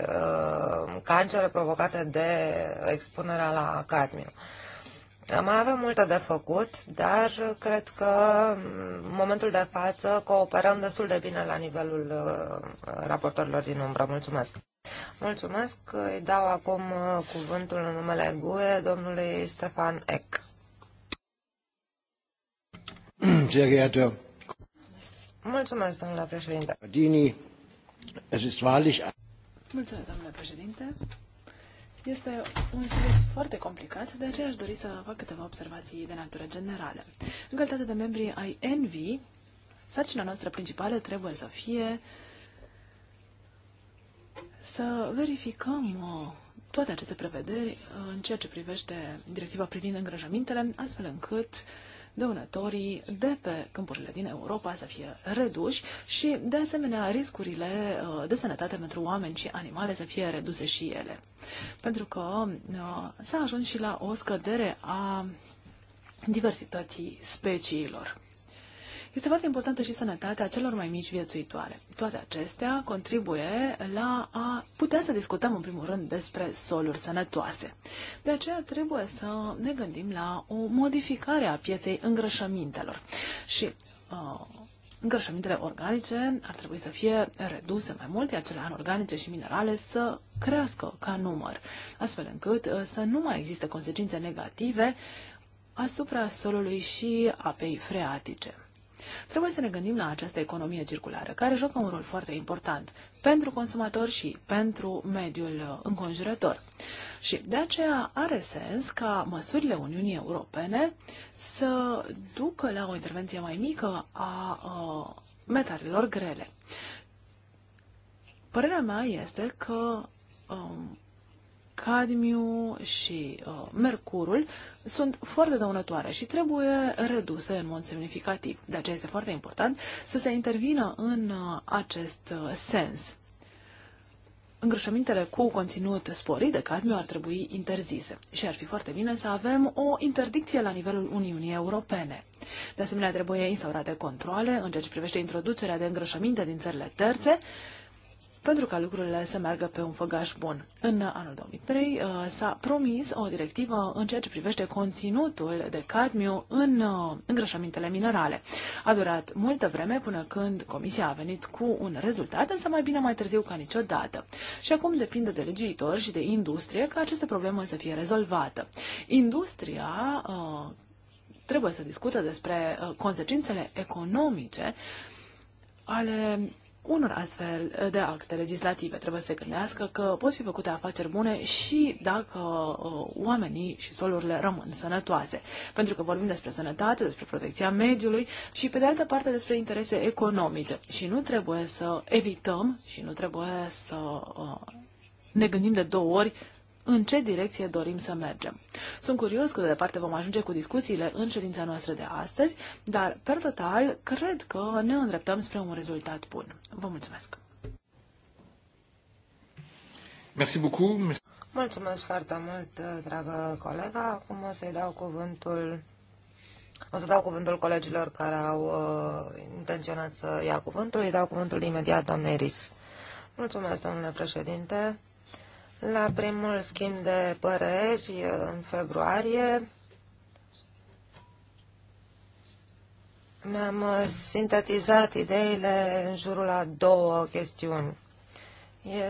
uh, cancere provocate de expunerea la cadmiu. Mai avem multe de făcut, dar cred că mm, în momentul de față cooperăm destul de bine la nivelul uh, raportorilor din umbră. Mulțumesc! Mulțumesc! Îi dau acum cuvântul în numele GUE domnului Stefan Eck. Mulțumesc, domnule președinte. Dini, Mulțumesc, domnule președinte. Este un subiect foarte complicat, de aceea aș dori să fac câteva observații de natură generală. În calitate de membri ai ENVI, sarcina noastră principală trebuie să fie să verificăm uh, toate aceste prevederi uh, în ceea ce privește directiva privind îngrăjămintele, astfel încât uh, dăunătorii de pe câmpurile din Europa să fie reduși și, de asemenea, riscurile uh, de sănătate pentru oameni și animale să fie reduse și ele. Pentru că uh, s-a ajuns și la o scădere a diversității speciilor. Este foarte importantă și sănătatea celor mai mici viețuitoare. Toate acestea contribuie la a putea să discutăm, în primul rând, despre soluri sănătoase. De aceea trebuie să ne gândim la o modificare a pieței îngrășămintelor. Și uh, îngrășămintele organice ar trebui să fie reduse mai mult, iar cele anorganice și minerale să crească ca număr, astfel încât uh, să nu mai existe consecințe negative asupra solului și apei freatice. Trebuie să ne gândim la această economie circulară, care joacă un rol foarte important pentru consumator și pentru mediul uh, înconjurător. Și de aceea are sens ca măsurile Uniunii Europene să ducă la o intervenție mai mică a, a uh, metalelor grele. Părerea mea este că um, cadmiu și uh, mercurul sunt foarte dăunătoare și trebuie reduse în mod semnificativ. De aceea este foarte important să se intervină în uh, acest uh, sens. Îngrășămintele cu conținut sporit de cadmiu ar trebui interzise și ar fi foarte bine să avem o interdicție la nivelul Uniunii Europene. De asemenea, trebuie instaurate controle în ceea ce privește introducerea de îngrășăminte din țările terțe, uh, pentru ca lucrurile să meargă pe un făgaș bun. În anul 2003 uh, s-a promis o directivă în ceea ce privește conținutul de cadmiu în uh, îngrășămintele minerale. A durat multă vreme până când Comisia a venit cu un rezultat, însă mai bine mai târziu ca niciodată. Și acum depinde de legiuitor și de industrie ca această problemă să fie rezolvată. Industria uh, trebuie să discută despre consecințele economice ale unor astfel de acte legislative. Trebuie să se gândească că pot fi făcute afaceri bune și dacă uh, oamenii și solurile rămân sănătoase. Pentru că vorbim despre sănătate, despre protecția mediului și, pe de altă parte, despre interese economice. Și nu trebuie să evităm și nu trebuie să uh, ne gândim de două ori în ce direcție dorim să mergem. Sunt curios cât de departe vom ajunge cu discuțiile în ședința noastră de astăzi, dar, per total, cred că ne îndreptăm spre un rezultat bun. Vă mulțumesc! Merci beaucoup. Mulțumesc foarte mult, dragă colega. Acum o să-i dau cuvântul o să dau cuvântul colegilor care au uh, intenționat să ia cuvântul. Îi dau cuvântul imediat doamnei Ris. Mulțumesc, domnule președinte. La primul schimb de păreri în februarie mi-am uh, sintetizat ideile în jurul a două chestiuni.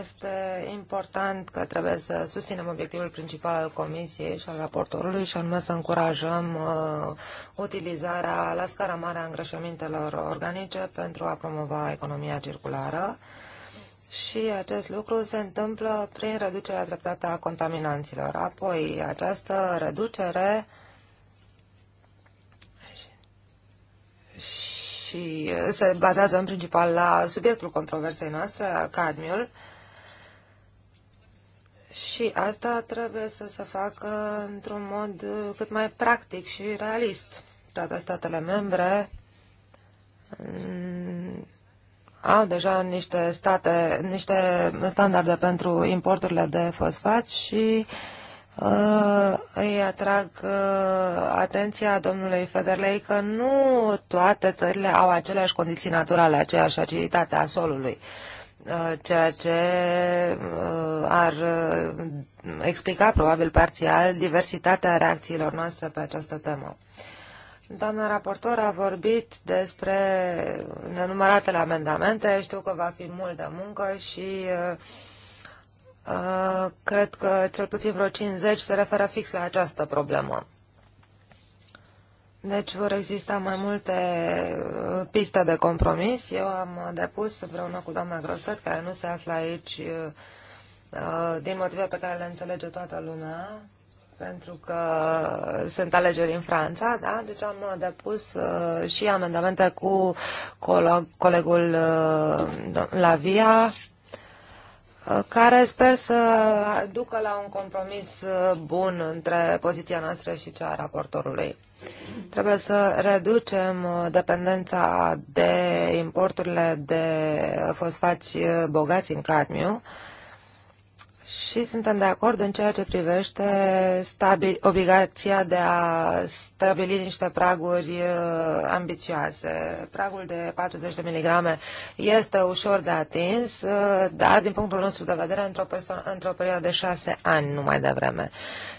Este important că trebuie să susținem obiectivul principal al Comisiei și al raportorului și anume să încurajăm uh, utilizarea la scară mare a îngrășămintelor organice pentru a promova economia circulară. Uh, și acest lucru se întâmplă prin reducerea treptată a contaminanților. Apoi, această reducere și se bazează în principal la subiectul controversei noastre, cadmiul, și asta trebuie să se facă într-un mod cât mai practic și realist. Toate statele membre au deja niște state, niște standarde pentru importurile de fosfat și uh, îi atrag uh, atenția domnului Federlei că nu toate țările au aceleași condiții naturale, aceeași aciditate a solului uh, ceea ce uh, ar uh, explica probabil parțial diversitatea reacțiilor noastre pe această temă. Doamna raportor a vorbit despre nenumăratele amendamente. Știu că va fi multă muncă și uh, uh, cred că cel puțin vreo 50 se referă fix la această problemă. Deci vor exista mai multe uh, piste de compromis. Eu am depus împreună cu doamna Grosset, care nu se află aici uh, uh din motive pe care le înțelege toată lumea, pentru că sunt alegeri în Franța, da? deci am depus uh, și amendamente cu colegul uh, Lavia, uh, care sper să ducă la un compromis uh, bun între poziția noastră și cea a raportorului. Trebuie să reducem uh, dependența de importurile de fosfați uh, bogați în cadmiu, uh, și suntem de acord în ceea ce privește stabil, obligația de a stabili niște praguri uh, ambițioase. Pragul de 40 de miligrame este ușor de atins, uh, dar din punctul nostru de vedere într-o, perso- într-o perioadă de șase ani, nu mai devreme.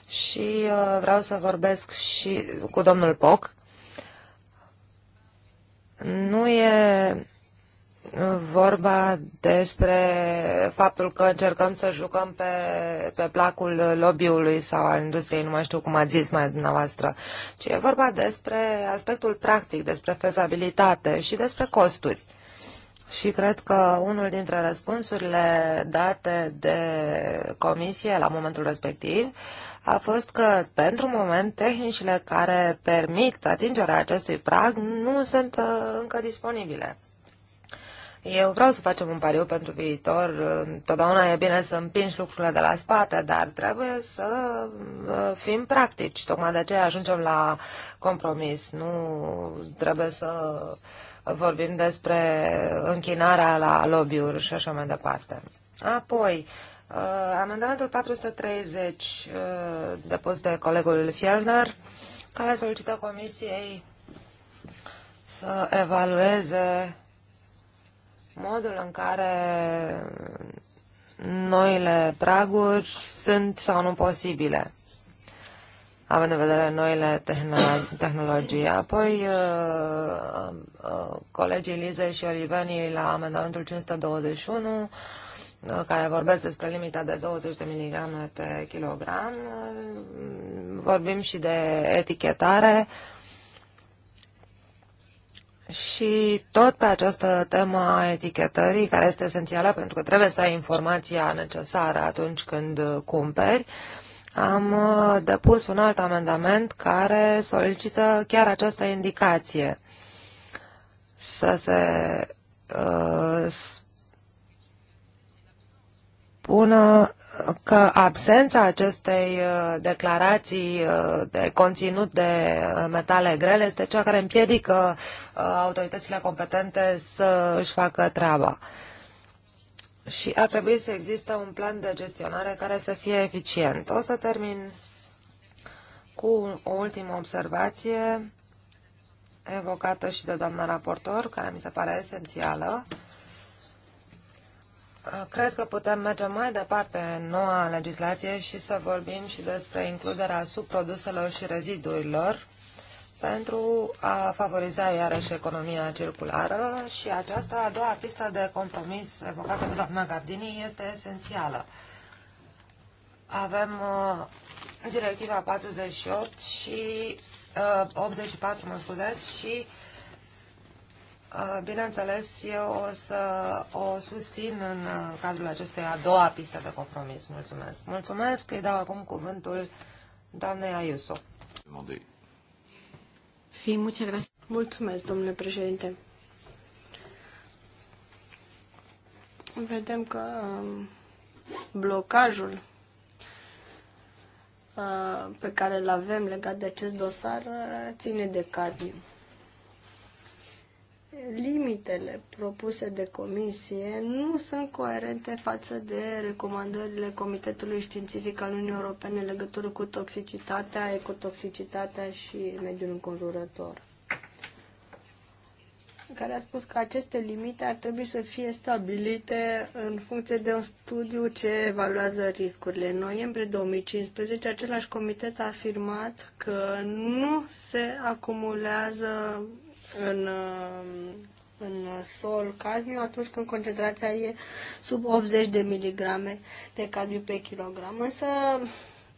Și uh, vreau să vorbesc și cu domnul Poc. Nu e vorba despre faptul că încercăm să jucăm pe, pe placul lobby-ului sau al industriei, nu mai știu cum ați zis mai dumneavoastră, ci e vorba despre aspectul practic, despre fezabilitate și despre costuri. Și cred că unul dintre răspunsurile date de comisie la momentul respectiv a fost că, pentru moment, tehnicile care permit atingerea acestui prag nu sunt uh, încă disponibile. Eu vreau să facem un pariu pentru viitor. Totdeauna e bine să împingi lucrurile de la spate, dar trebuie să uh, fim practici. Tocmai de aceea ajungem la compromis. Nu trebuie să vorbim despre închinarea la lobby-uri și așa mai departe. Apoi, uh, amendamentul 430 uh, depus de colegul Fielner, care solicită comisiei să evalueze modul în care noile praguri sunt sau nu posibile, având în vedere noile tehnologii. Apoi, uh, uh, colegii Lize și Olivenii la amendamentul 521 uh, care vorbesc despre limita de 20 de miligrame pe kilogram. Vorbim și de etichetare. Și tot pe această temă a etichetării, care este esențială pentru că trebuie să ai informația necesară atunci când uh, cumperi, am uh, depus un alt amendament care solicită chiar această indicație să se uh, spună că absența acestei uh, declarații uh, de conținut de uh, metale grele este cea care împiedică autoritățile competente să își facă treaba. Și ar trebui să existe un plan de gestionare care să fie eficient. O să termin cu o ultimă observație evocată și de doamna raportor, care mi se pare esențială Cred că putem merge mai departe în noua legislație și să vorbim și despre includerea subproduselor și rezidurilor pentru a favoriza iarăși economia circulară și aceasta, a doua pistă de compromis evocată de doamna Gardini, este esențială. Avem uh, directiva 48 și uh, 84, mă scuzeți, și uh, Bineînțeles, eu o să o susțin în cadrul acestei a doua piste de compromis. Mulțumesc. Mulțumesc. Îi dau acum cuvântul doamnei Ayuso. Mulțumesc, domnule președinte. Vedem că um, blocajul pe care îl avem legat de acest dosar ține de cadmiu limitele propuse de comisie nu sunt coerente față de recomandările Comitetului Științific al Uniunii Europene în legătură cu toxicitatea, ecotoxicitatea și mediul înconjurător care a spus că aceste limite ar trebui să fie stabilite în funcție de un studiu ce evaluează riscurile. În noiembrie 2015, același comitet a afirmat că nu se acumulează în, în sol cadmiu atunci când concentrația e sub 80 de miligrame de cadmiu pe kilogram. Însă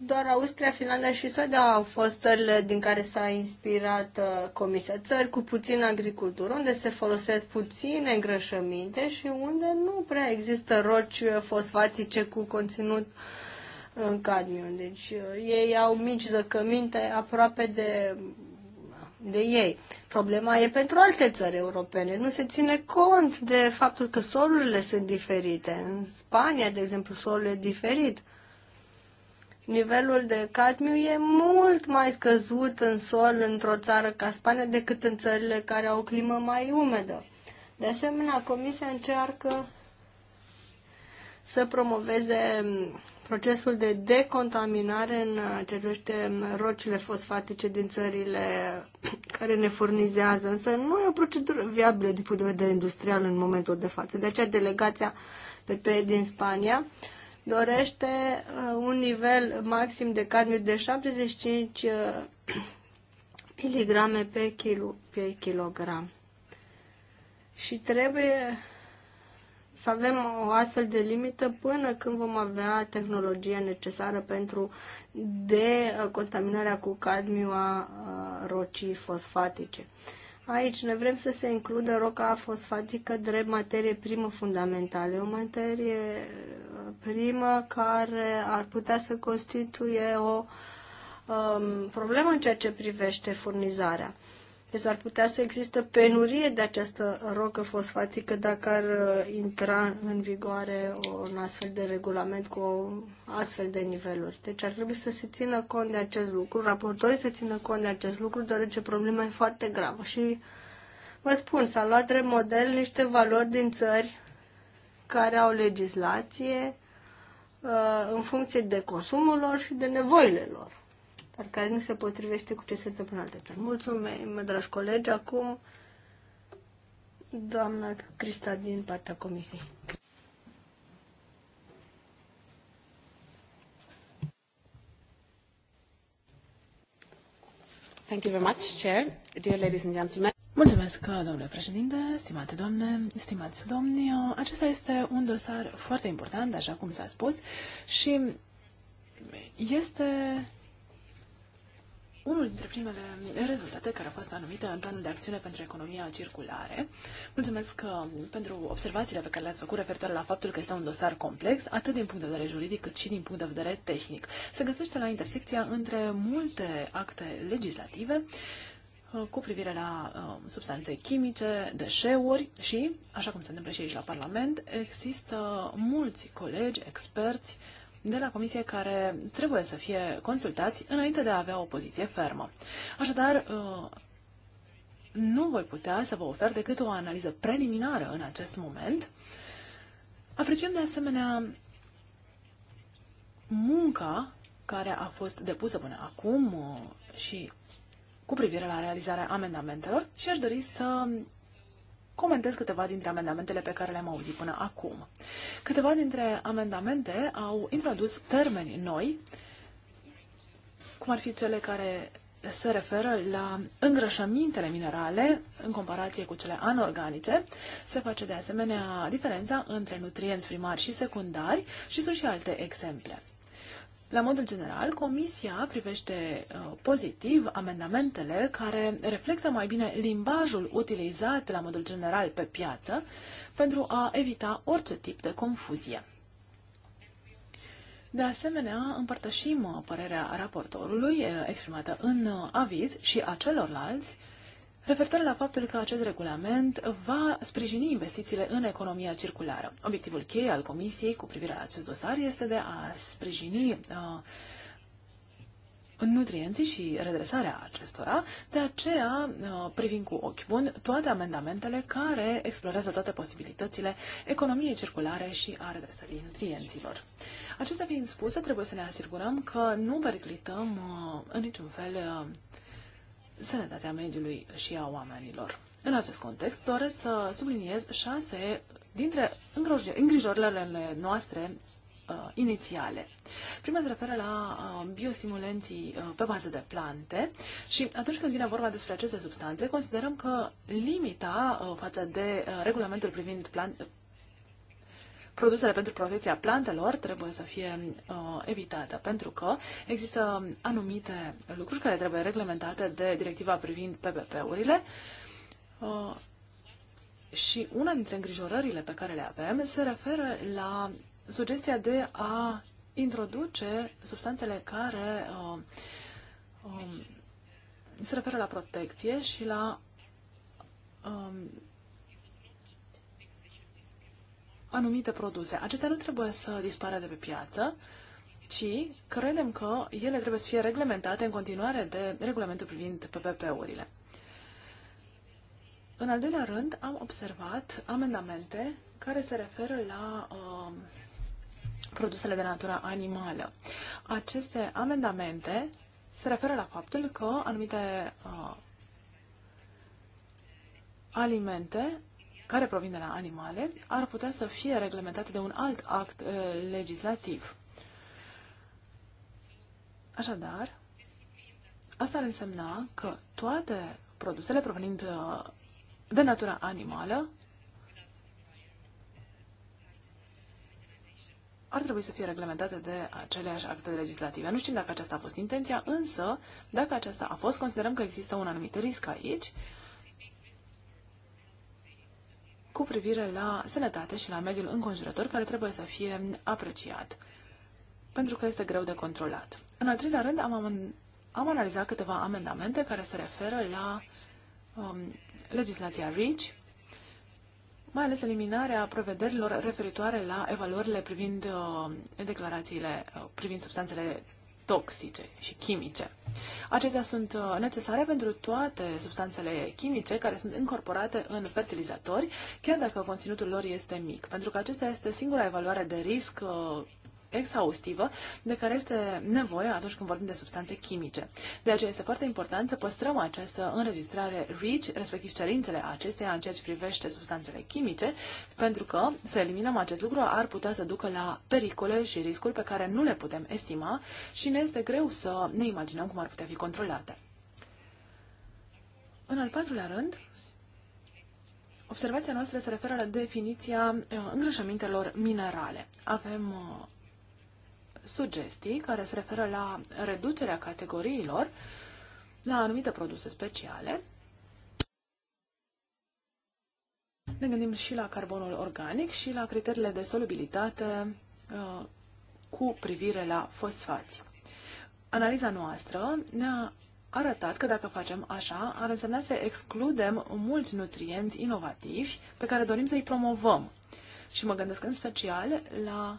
doar Austria, Finlanda și Suedia au fost țările din care s-a inspirat uh, Comisia. Țări cu puțină agricultură, unde se folosesc puține îngrășăminte și unde nu prea există roci uh, fosfatice cu conținut uh, în cadmiu. Deci ei au mici zăcăminte aproape de de ei. Problema e pentru alte țări europene. Nu se ține cont de faptul că solurile sunt diferite. În Spania, de exemplu, solul e diferit. Nivelul de cadmiu e mult mai scăzut în sol într-o țară ca Spania decât în țările care au o climă mai umedă. De asemenea, Comisia încearcă să promoveze procesul de decontaminare în uh, ce privește um, rocile fosfatice din țările care ne furnizează, însă nu e o procedură viabilă din punct de vedere industrial în momentul de față. De aceea delegația PP din Spania dorește uh, un nivel maxim de cadmiu de 75 uh, miligrame pe, kilo, pe kilogram. Și trebuie să avem o astfel de limită până când vom avea tehnologia necesară pentru decontaminarea cu cadmiu a rocii fosfatice. Aici ne vrem să se includă roca fosfatică drept materie primă fundamentală, o materie primă care ar putea să constituie o um, problemă în ceea ce privește furnizarea. Uh, deci ar putea să existe penurie de această rocă fosfatică dacă ar uh, intra în vigoare un astfel de regulament cu astfel de niveluri. Deci ar trebui să se țină cont de acest lucru, raportorii să țină cont de acest lucru, deoarece problema e foarte gravă. Și vă spun, s-a luat drept model niște valori din țări care au legislație uh, în funcție de consumul lor și de nevoile lor dar care nu se potrivește cu ce se întâmplă în alte țări. Mulțumim, dragi colegi. Acum, doamna Crista din partea Comisiei. Thank you very much, Chair. Dear ladies and gentlemen. Mulțumesc, domnule președinte, stimate doamne, stimați domni. Acesta este un dosar foarte important, așa cum s-a spus, și este unul dintre primele rezultate care a fost anumite în planul de acțiune pentru economia circulare. Mulțumesc uh, pentru observațiile pe care le-ați făcut referitoare la faptul că este un dosar complex, atât din punct de vedere juridic cât și din punct de vedere tehnic. Se găsește la intersecția între multe acte legislative uh, cu privire la uh, substanțe chimice, deșeuri și, așa cum se întâmplă și aici la Parlament, există mulți colegi, experți uh, de la Comisie care trebuie să fie consultați înainte de a avea o poziție fermă. Așadar, uh, nu voi putea să vă ofer decât o analiză preliminară în acest moment. Apreciem de asemenea munca care a fost depusă până acum uh, și cu privire la realizarea amendamentelor și aș dori să comentez câteva dintre amendamentele pe care le-am auzit până acum. Câteva dintre amendamente au introdus termeni noi, cum ar fi cele care se referă la îngrășămintele minerale în comparație cu cele anorganice. Se face de asemenea diferența între nutrienți primari și secundari și sunt și alte exemple. La modul general, Comisia privește uh, pozitiv amendamentele care reflectă mai bine limbajul utilizat la modul general pe piață pentru a evita orice tip de confuzie. De asemenea, împărtășim părerea raportorului uh, exprimată în uh, aviz și a celorlalți referitor la faptul că acest regulament va sprijini investițiile în economia circulară. Obiectivul cheie al Comisiei cu privire la acest dosar este de a sprijini uh, nutrienții și redresarea acestora, de aceea uh, privim cu ochi bun toate amendamentele care explorează toate posibilitățile economiei circulare și a redresării nutrienților. Acestea fiind spuse, trebuie să ne asigurăm că nu periclităm uh, în niciun fel uh, sănătatea mediului și a oamenilor. În acest context, doresc să subliniez șase dintre îngrijorările noastre uh, inițiale. Prima se referă la uh, biosimulenții uh, pe bază de plante și atunci când vine vorba despre aceste substanțe, considerăm că limita uh, față de uh, regulamentul privind plant, produsele pentru protecția plantelor trebuie să fie uh, evitate, pentru că există anumite lucruri care trebuie reglementate de directiva privind PPP-urile uh, și una dintre îngrijorările pe care le avem se referă la sugestia de a introduce substanțele care uh, um, se referă la protecție și la um, anumite produse. Acestea nu trebuie să dispară de pe piață, ci credem că ele trebuie să fie reglementate în continuare de regulamentul privind PPP-urile. În al doilea rând, am observat amendamente care se referă la uh, produsele de natură animală. Aceste amendamente se referă la faptul că anumite uh, alimente care provin de la animale ar putea să fie reglementate de un alt act uh, legislativ. Așadar, asta ar însemna că toate produsele provenind uh, de natura animală ar trebui să fie reglementate de aceleași acte legislative. Nu știm dacă aceasta a fost intenția, însă, dacă aceasta a fost, considerăm că există un anumit risc aici cu privire la sănătate și la mediul înconjurător care trebuie să fie apreciat, pentru că este greu de controlat. În al treilea rând, am, am analizat câteva amendamente care se referă la um, legislația REACH, mai ales eliminarea prevederilor referitoare la evaluările privind uh, declarațiile uh, privind substanțele toxice și chimice. Acestea sunt uh, necesare pentru toate substanțele chimice care sunt incorporate în fertilizatori, chiar dacă conținutul lor este mic, pentru că acesta este singura evaluare de risc uh, exhaustivă de care este nevoie atunci când vorbim de substanțe chimice. De aceea este foarte important să păstrăm această înregistrare REACH, respectiv cerințele acesteia în ceea ce privește substanțele chimice, pentru că să eliminăm acest lucru ar putea să ducă la pericole și riscuri pe care nu le putem estima și ne este greu să ne imaginăm cum ar putea fi controlate. În al patrulea rând, observația noastră se referă la definiția uh, îngrășămintelor minerale. Avem uh, sugestii care se referă la reducerea categoriilor la anumite produse speciale. Ne gândim și la carbonul organic și la criteriile de solubilitate uh, cu privire la fosfați. Analiza noastră ne-a arătat că dacă facem așa, ar însemna să excludem mulți nutrienți inovativi pe care dorim să-i promovăm. Și mă gândesc în special la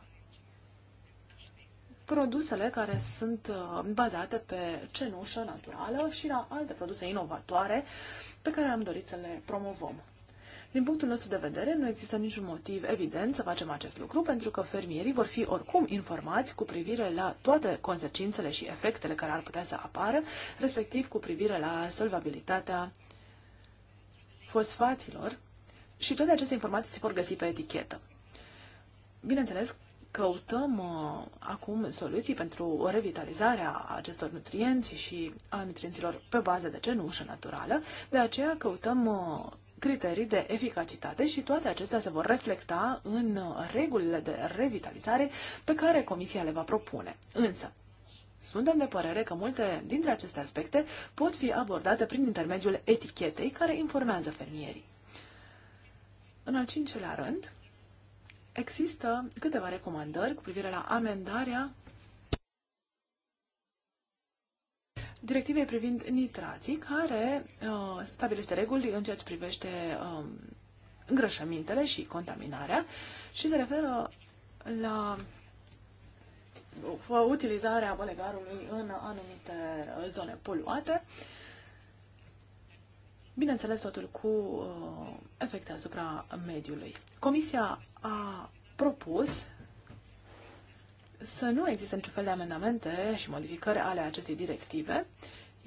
produsele care sunt uh, bazate pe cenușă naturală și la alte produse inovatoare pe care am dorit să le promovăm. Din punctul nostru de vedere, nu există niciun motiv evident să facem acest lucru, pentru că fermierii vor fi oricum informați cu privire la toate consecințele și efectele care ar putea să apară, respectiv cu privire la solvabilitatea fosfaților și toate aceste informații se vor găsi pe etichetă. Bineînțeles căutăm uh, acum soluții pentru revitalizarea acestor nutrienți și a nutrienților pe bază de cenușă naturală, de aceea căutăm uh, criterii de eficacitate și toate acestea se vor reflecta în uh, regulile de revitalizare pe care Comisia le va propune. Însă, suntem de părere că multe dintre aceste aspecte pot fi abordate prin intermediul etichetei care informează fermierii. În al cincilea rând, există câteva recomandări cu privire la amendarea directivei privind nitrații, care uh, stabilește reguli în ceea ce privește um, îngrășămintele și contaminarea și se referă la uh, utilizarea bălegarului în anumite zone poluate. Uh, bineînțeles totul cu uh, efecte asupra mediului. Comisia a propus să nu existe niciun fel de amendamente și modificări ale acestei directive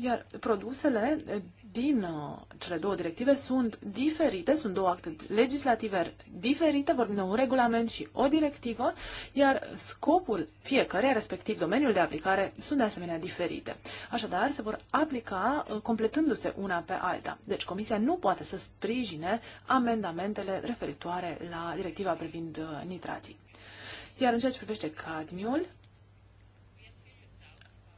iar produsele eh, din eh, cele două directive sunt diferite, sunt două acte legislative diferite, vorbim de un regulament și o directivă, iar scopul fiecăreia, respectiv domeniul de aplicare, sunt de asemenea diferite. Așadar, se vor aplica eh, completându-se una pe alta. Deci, Comisia nu poate să sprijine amendamentele referitoare la directiva privind nitrații. Iar în ceea ce privește cadmiul,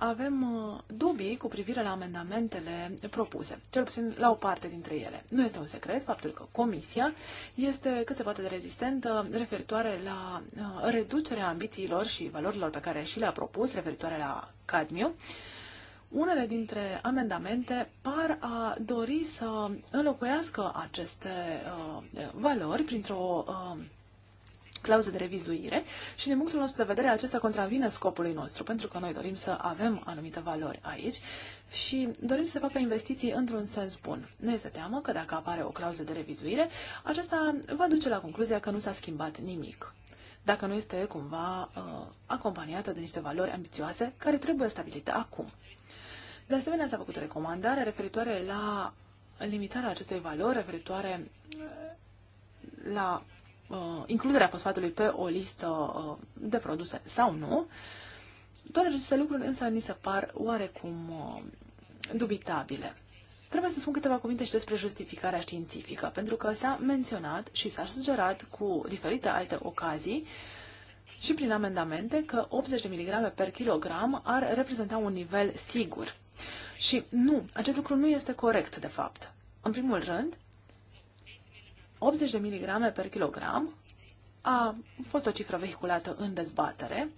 avem uh, dubii cu privire la amendamentele propuse, cel puțin la o parte dintre ele. Nu este un secret faptul că Comisia este cât se poate de rezistentă referitoare la uh, reducerea ambițiilor și valorilor pe care și le-a propus referitoare la cadmiu. Unele dintre amendamente par a dori să înlocuiască aceste uh, valori printr-o uh, clauze de revizuire și din punctul nostru de vedere acesta contravine scopului nostru, pentru că noi dorim să avem anumite valori aici și dorim să facă investiții într-un sens bun. Ne este teamă că dacă apare o clauză de revizuire, aceasta va duce la concluzia că nu s-a schimbat nimic dacă nu este cumva uh, acompaniată de niște valori ambițioase care trebuie stabilite acum. De asemenea, s-a făcut o recomandare referitoare la limitarea acestei valori, referitoare uh, la uh, includerea fosfatului pe o listă uh, de produse sau nu. Toate aceste lucruri însă ni se par oarecum uh, dubitabile. Trebuie să spun câteva cuvinte și despre justificarea științifică, pentru că s-a menționat și s-a sugerat cu diferite alte ocazii și prin amendamente că 80 mg per kilogram ar reprezenta un nivel sigur. Și nu, acest lucru nu este corect, de fapt. În primul rând, 80 de miligrame per kilogram a fost o cifră vehiculată în dezbatere.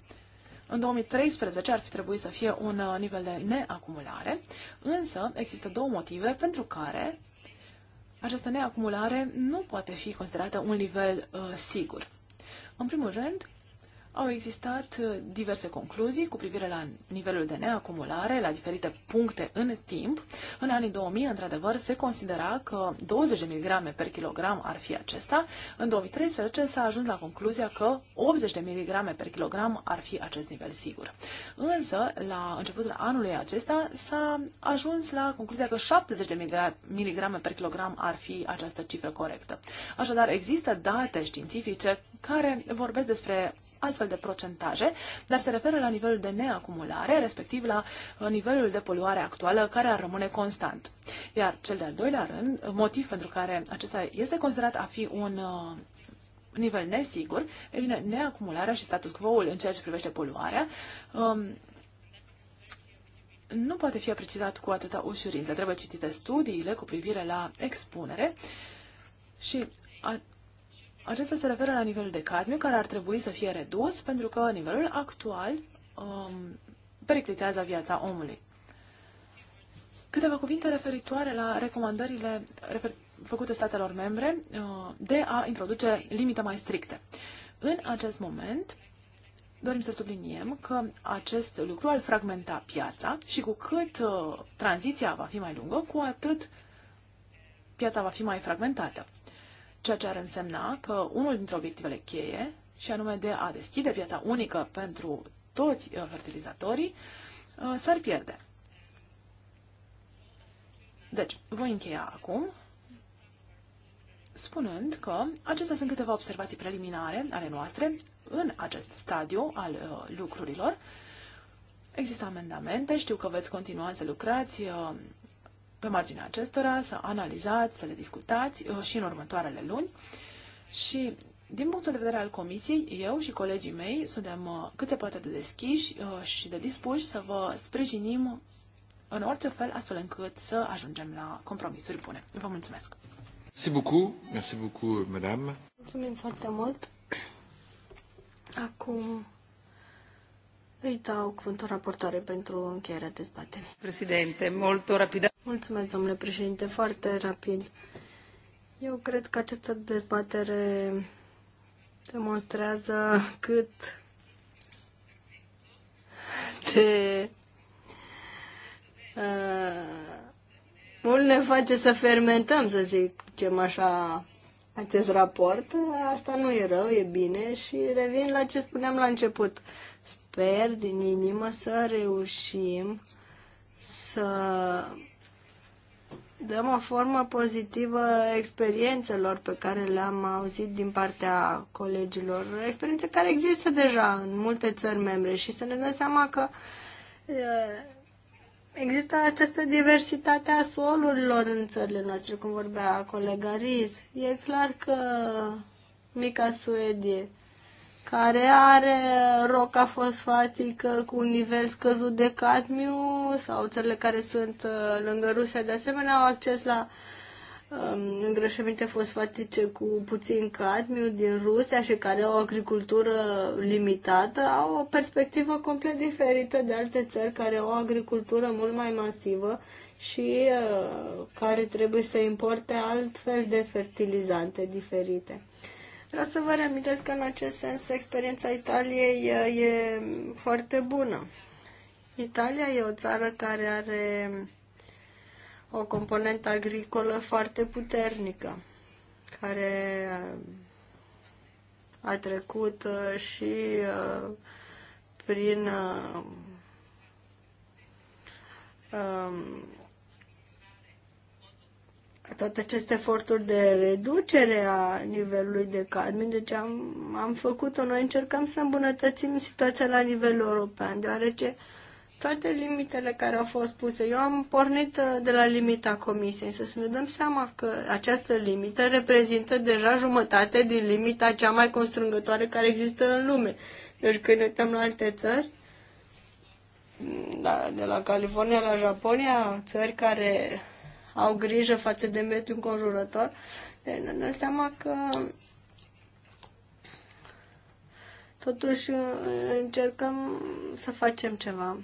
În 2013 ar fi trebuit să fie un uh, nivel de neacumulare, însă există două motive pentru care această neacumulare nu poate fi considerată un nivel uh, sigur. În primul rând, au existat uh, diverse concluzii cu privire la nivelul de neacumulare la diferite puncte în timp. În anii 2000, într-adevăr, se considera că 20 mg per kilogram ar fi acesta. În 2013 s-a ajuns la concluzia că 80 mg per kilogram ar fi acest nivel sigur. Însă, la începutul anului acesta s-a ajuns la concluzia că 70 mg per kilogram ar fi această cifră corectă. Așadar, există date științifice care vorbesc despre astfel de procentaje, dar se referă la nivelul de neacumulare, respectiv la uh, nivelul de poluare actuală, care ar rămâne constant. Iar cel de-al doilea rând, motiv pentru care acesta este considerat a fi un uh, nivel nesigur, e bine, neacumularea și status quo-ul în ceea ce privește poluarea, um, nu poate fi precizat cu atâta ușurință. Trebuie citite studiile cu privire la expunere și acesta se referă la nivelul de cadmiu, care ar trebui să fie redus, pentru că nivelul actual um, periclitează viața omului. Câteva cuvinte referitoare la recomandările refer făcute statelor membre uh, de a introduce limite mai stricte. În acest moment, dorim să subliniem că acest lucru ar fragmenta piața și cu cât uh, tranziția va fi mai lungă, cu atât piața va fi mai fragmentată ceea ce ar însemna că unul dintre obiectivele cheie, și anume de a deschide piața unică pentru toți uh, fertilizatorii, uh, s-ar pierde. Deci, voi încheia acum spunând că acestea sunt câteva observații preliminare ale noastre în acest stadiu al uh, lucrurilor. Există amendamente, știu că veți continua să lucrați uh, pe marginea acestora, să analizați, să le discutați uh, și în următoarele luni. Și din punctul de vedere al comisiei, eu și colegii mei suntem uh, cât se poate de deschiși uh, și de dispuși să vă sprijinim în orice fel, astfel încât să ajungem la compromisuri bune. Vă mulțumesc! Merci beaucoup, merci beaucoup, madame. Mulțumim foarte mult. Acum îi dau cuvântul raportoare pentru încheierea dezbaterii. Președinte, mult rapid. Mulțumesc, domnule președinte, foarte rapid. Eu cred că această dezbatere demonstrează cât de uh, mult ne face să fermentăm, să zicem așa, acest raport. Asta nu e rău, e bine și revin la ce spuneam la început sper din inimă să reușim să dăm o formă pozitivă experiențelor pe care le-am auzit din partea colegilor, experiențe care există deja în multe țări membre și să ne dăm seama că există această diversitate a solurilor în țările noastre, cum vorbea colega Riz. E clar că mica Suedie care are roca fosfatică cu un nivel scăzut de cadmiu sau țările care sunt uh, lângă Rusia de asemenea au acces la um, îngrășăminte fosfatice cu puțin cadmiu din Rusia și care au o agricultură limitată, au o perspectivă complet diferită de alte țări care au o agricultură mult mai masivă și uh, care trebuie să importe altfel de fertilizante diferite. Vreau să vă reamintesc că în acest sens experiența Italiei uh, e foarte bună. Italia e o țară care are o componentă agricolă foarte puternică, care uh, a trecut uh, și prin um, toate aceste eforturi de reducere a nivelului de cadmiu, deci am, am făcut-o, noi încercăm să îmbunătățim situația la nivel european, deoarece toate limitele care au fost puse, eu am pornit uh, de la limita comisiei, însă să ne dăm seama că această limită reprezintă deja jumătate din limita cea mai constrângătoare care există în lume. Deci când ne uităm la alte țări, mm, da, de la California la Japonia, țări care au grijă față de mediul înconjurător. Deci ne dăm seama că totuși uh, încercăm să facem ceva.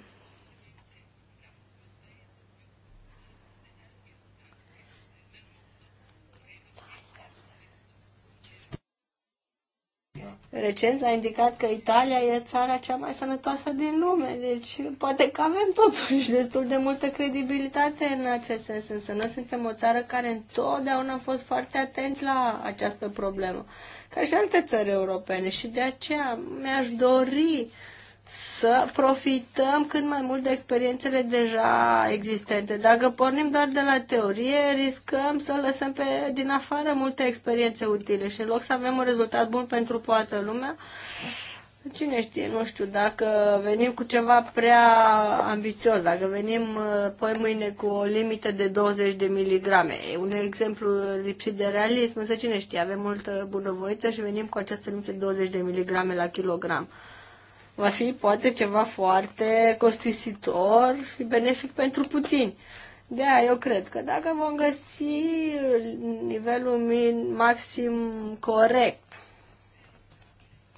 recent a indicat că Italia e țara cea mai sănătoasă din lume, deci poate că avem totuși destul de multă credibilitate în acest sens, însă noi suntem o țară care întotdeauna a fost foarte atenți la această problemă, ca și alte țări europene și de aceea mi-aș dori uh, să profităm cât mai mult de experiențele deja existente. Dacă pornim doar de la teorie, riscăm să lăsăm pe din afară multe experiențe utile și în loc să avem un rezultat bun pentru toată lumea, cine știe, nu știu, dacă venim cu ceva prea ambițios, dacă venim uh, poi mâine cu o limită de 20 de miligrame, e un exemplu lipsit de realism, însă cine știe, avem multă bunăvoință și venim cu această limită de 20 de miligrame la kilogram va fi poate ceva foarte costisitor și benefic pentru puțini. De aia eu cred că dacă vom găsi nivelul min, maxim corect,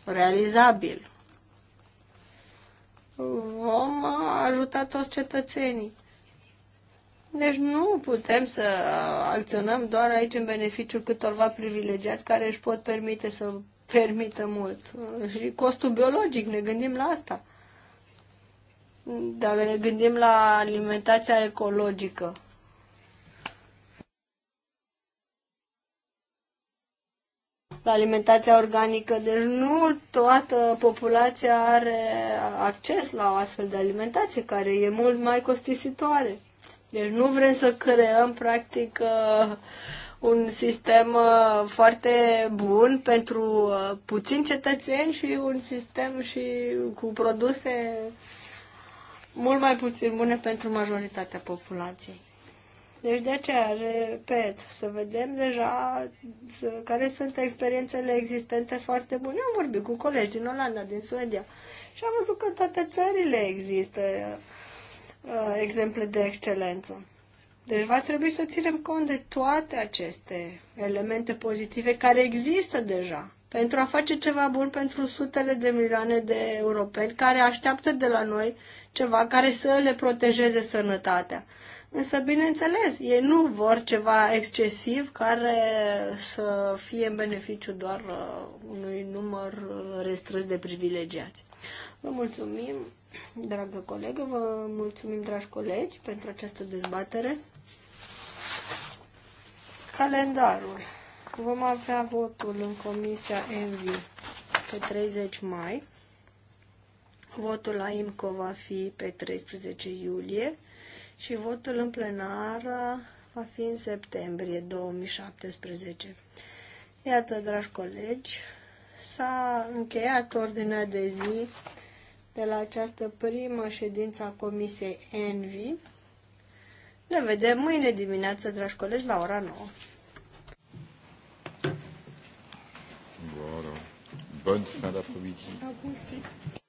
realizabil, vom ajuta toți cetățenii. Deci nu putem să acționăm doar aici în beneficiul câtorva privilegiați care își pot permite să permită mult. Și costul biologic, ne gândim la asta. Dacă ne gândim la alimentația ecologică. La alimentația organică, deci nu toată populația are acces la o astfel de alimentație care e mult mai costisitoare. Deci nu vrem să creăm practic uh, un sistem uh, foarte bun pentru uh, puțini cetățeni și un sistem și cu produse mult mai puțin bune pentru majoritatea populației. Deci de aceea, repet, să vedem deja care sunt experiențele existente foarte bune. Am vorbit cu colegi din Olanda, din Suedia și am văzut că în toate țările există uh, exemple de excelență. Deci va trebui să ținem cont de toate aceste elemente pozitive care există deja pentru a face ceva bun pentru sutele de milioane de europeni care așteaptă de la noi ceva care să le protejeze sănătatea. Însă, bineînțeles, ei nu vor ceva excesiv care să fie în beneficiu doar uh, unui număr restrâns de privilegiați. Vă mulțumim, dragă colegă, vă mulțumim, dragi colegi, pentru această dezbatere. Calendarul. Vom avea votul în Comisia ENVI pe 30 mai. Votul la IMCO va fi pe 13 iulie și votul în plenară va fi în septembrie 2017. Iată, dragi colegi, s-a încheiat ordinea de zi de la această primă ședință a Comisiei ENVI. Ne vedem mâine dimineață, dragi colegi, la ora 9. Bună. bună fin daprès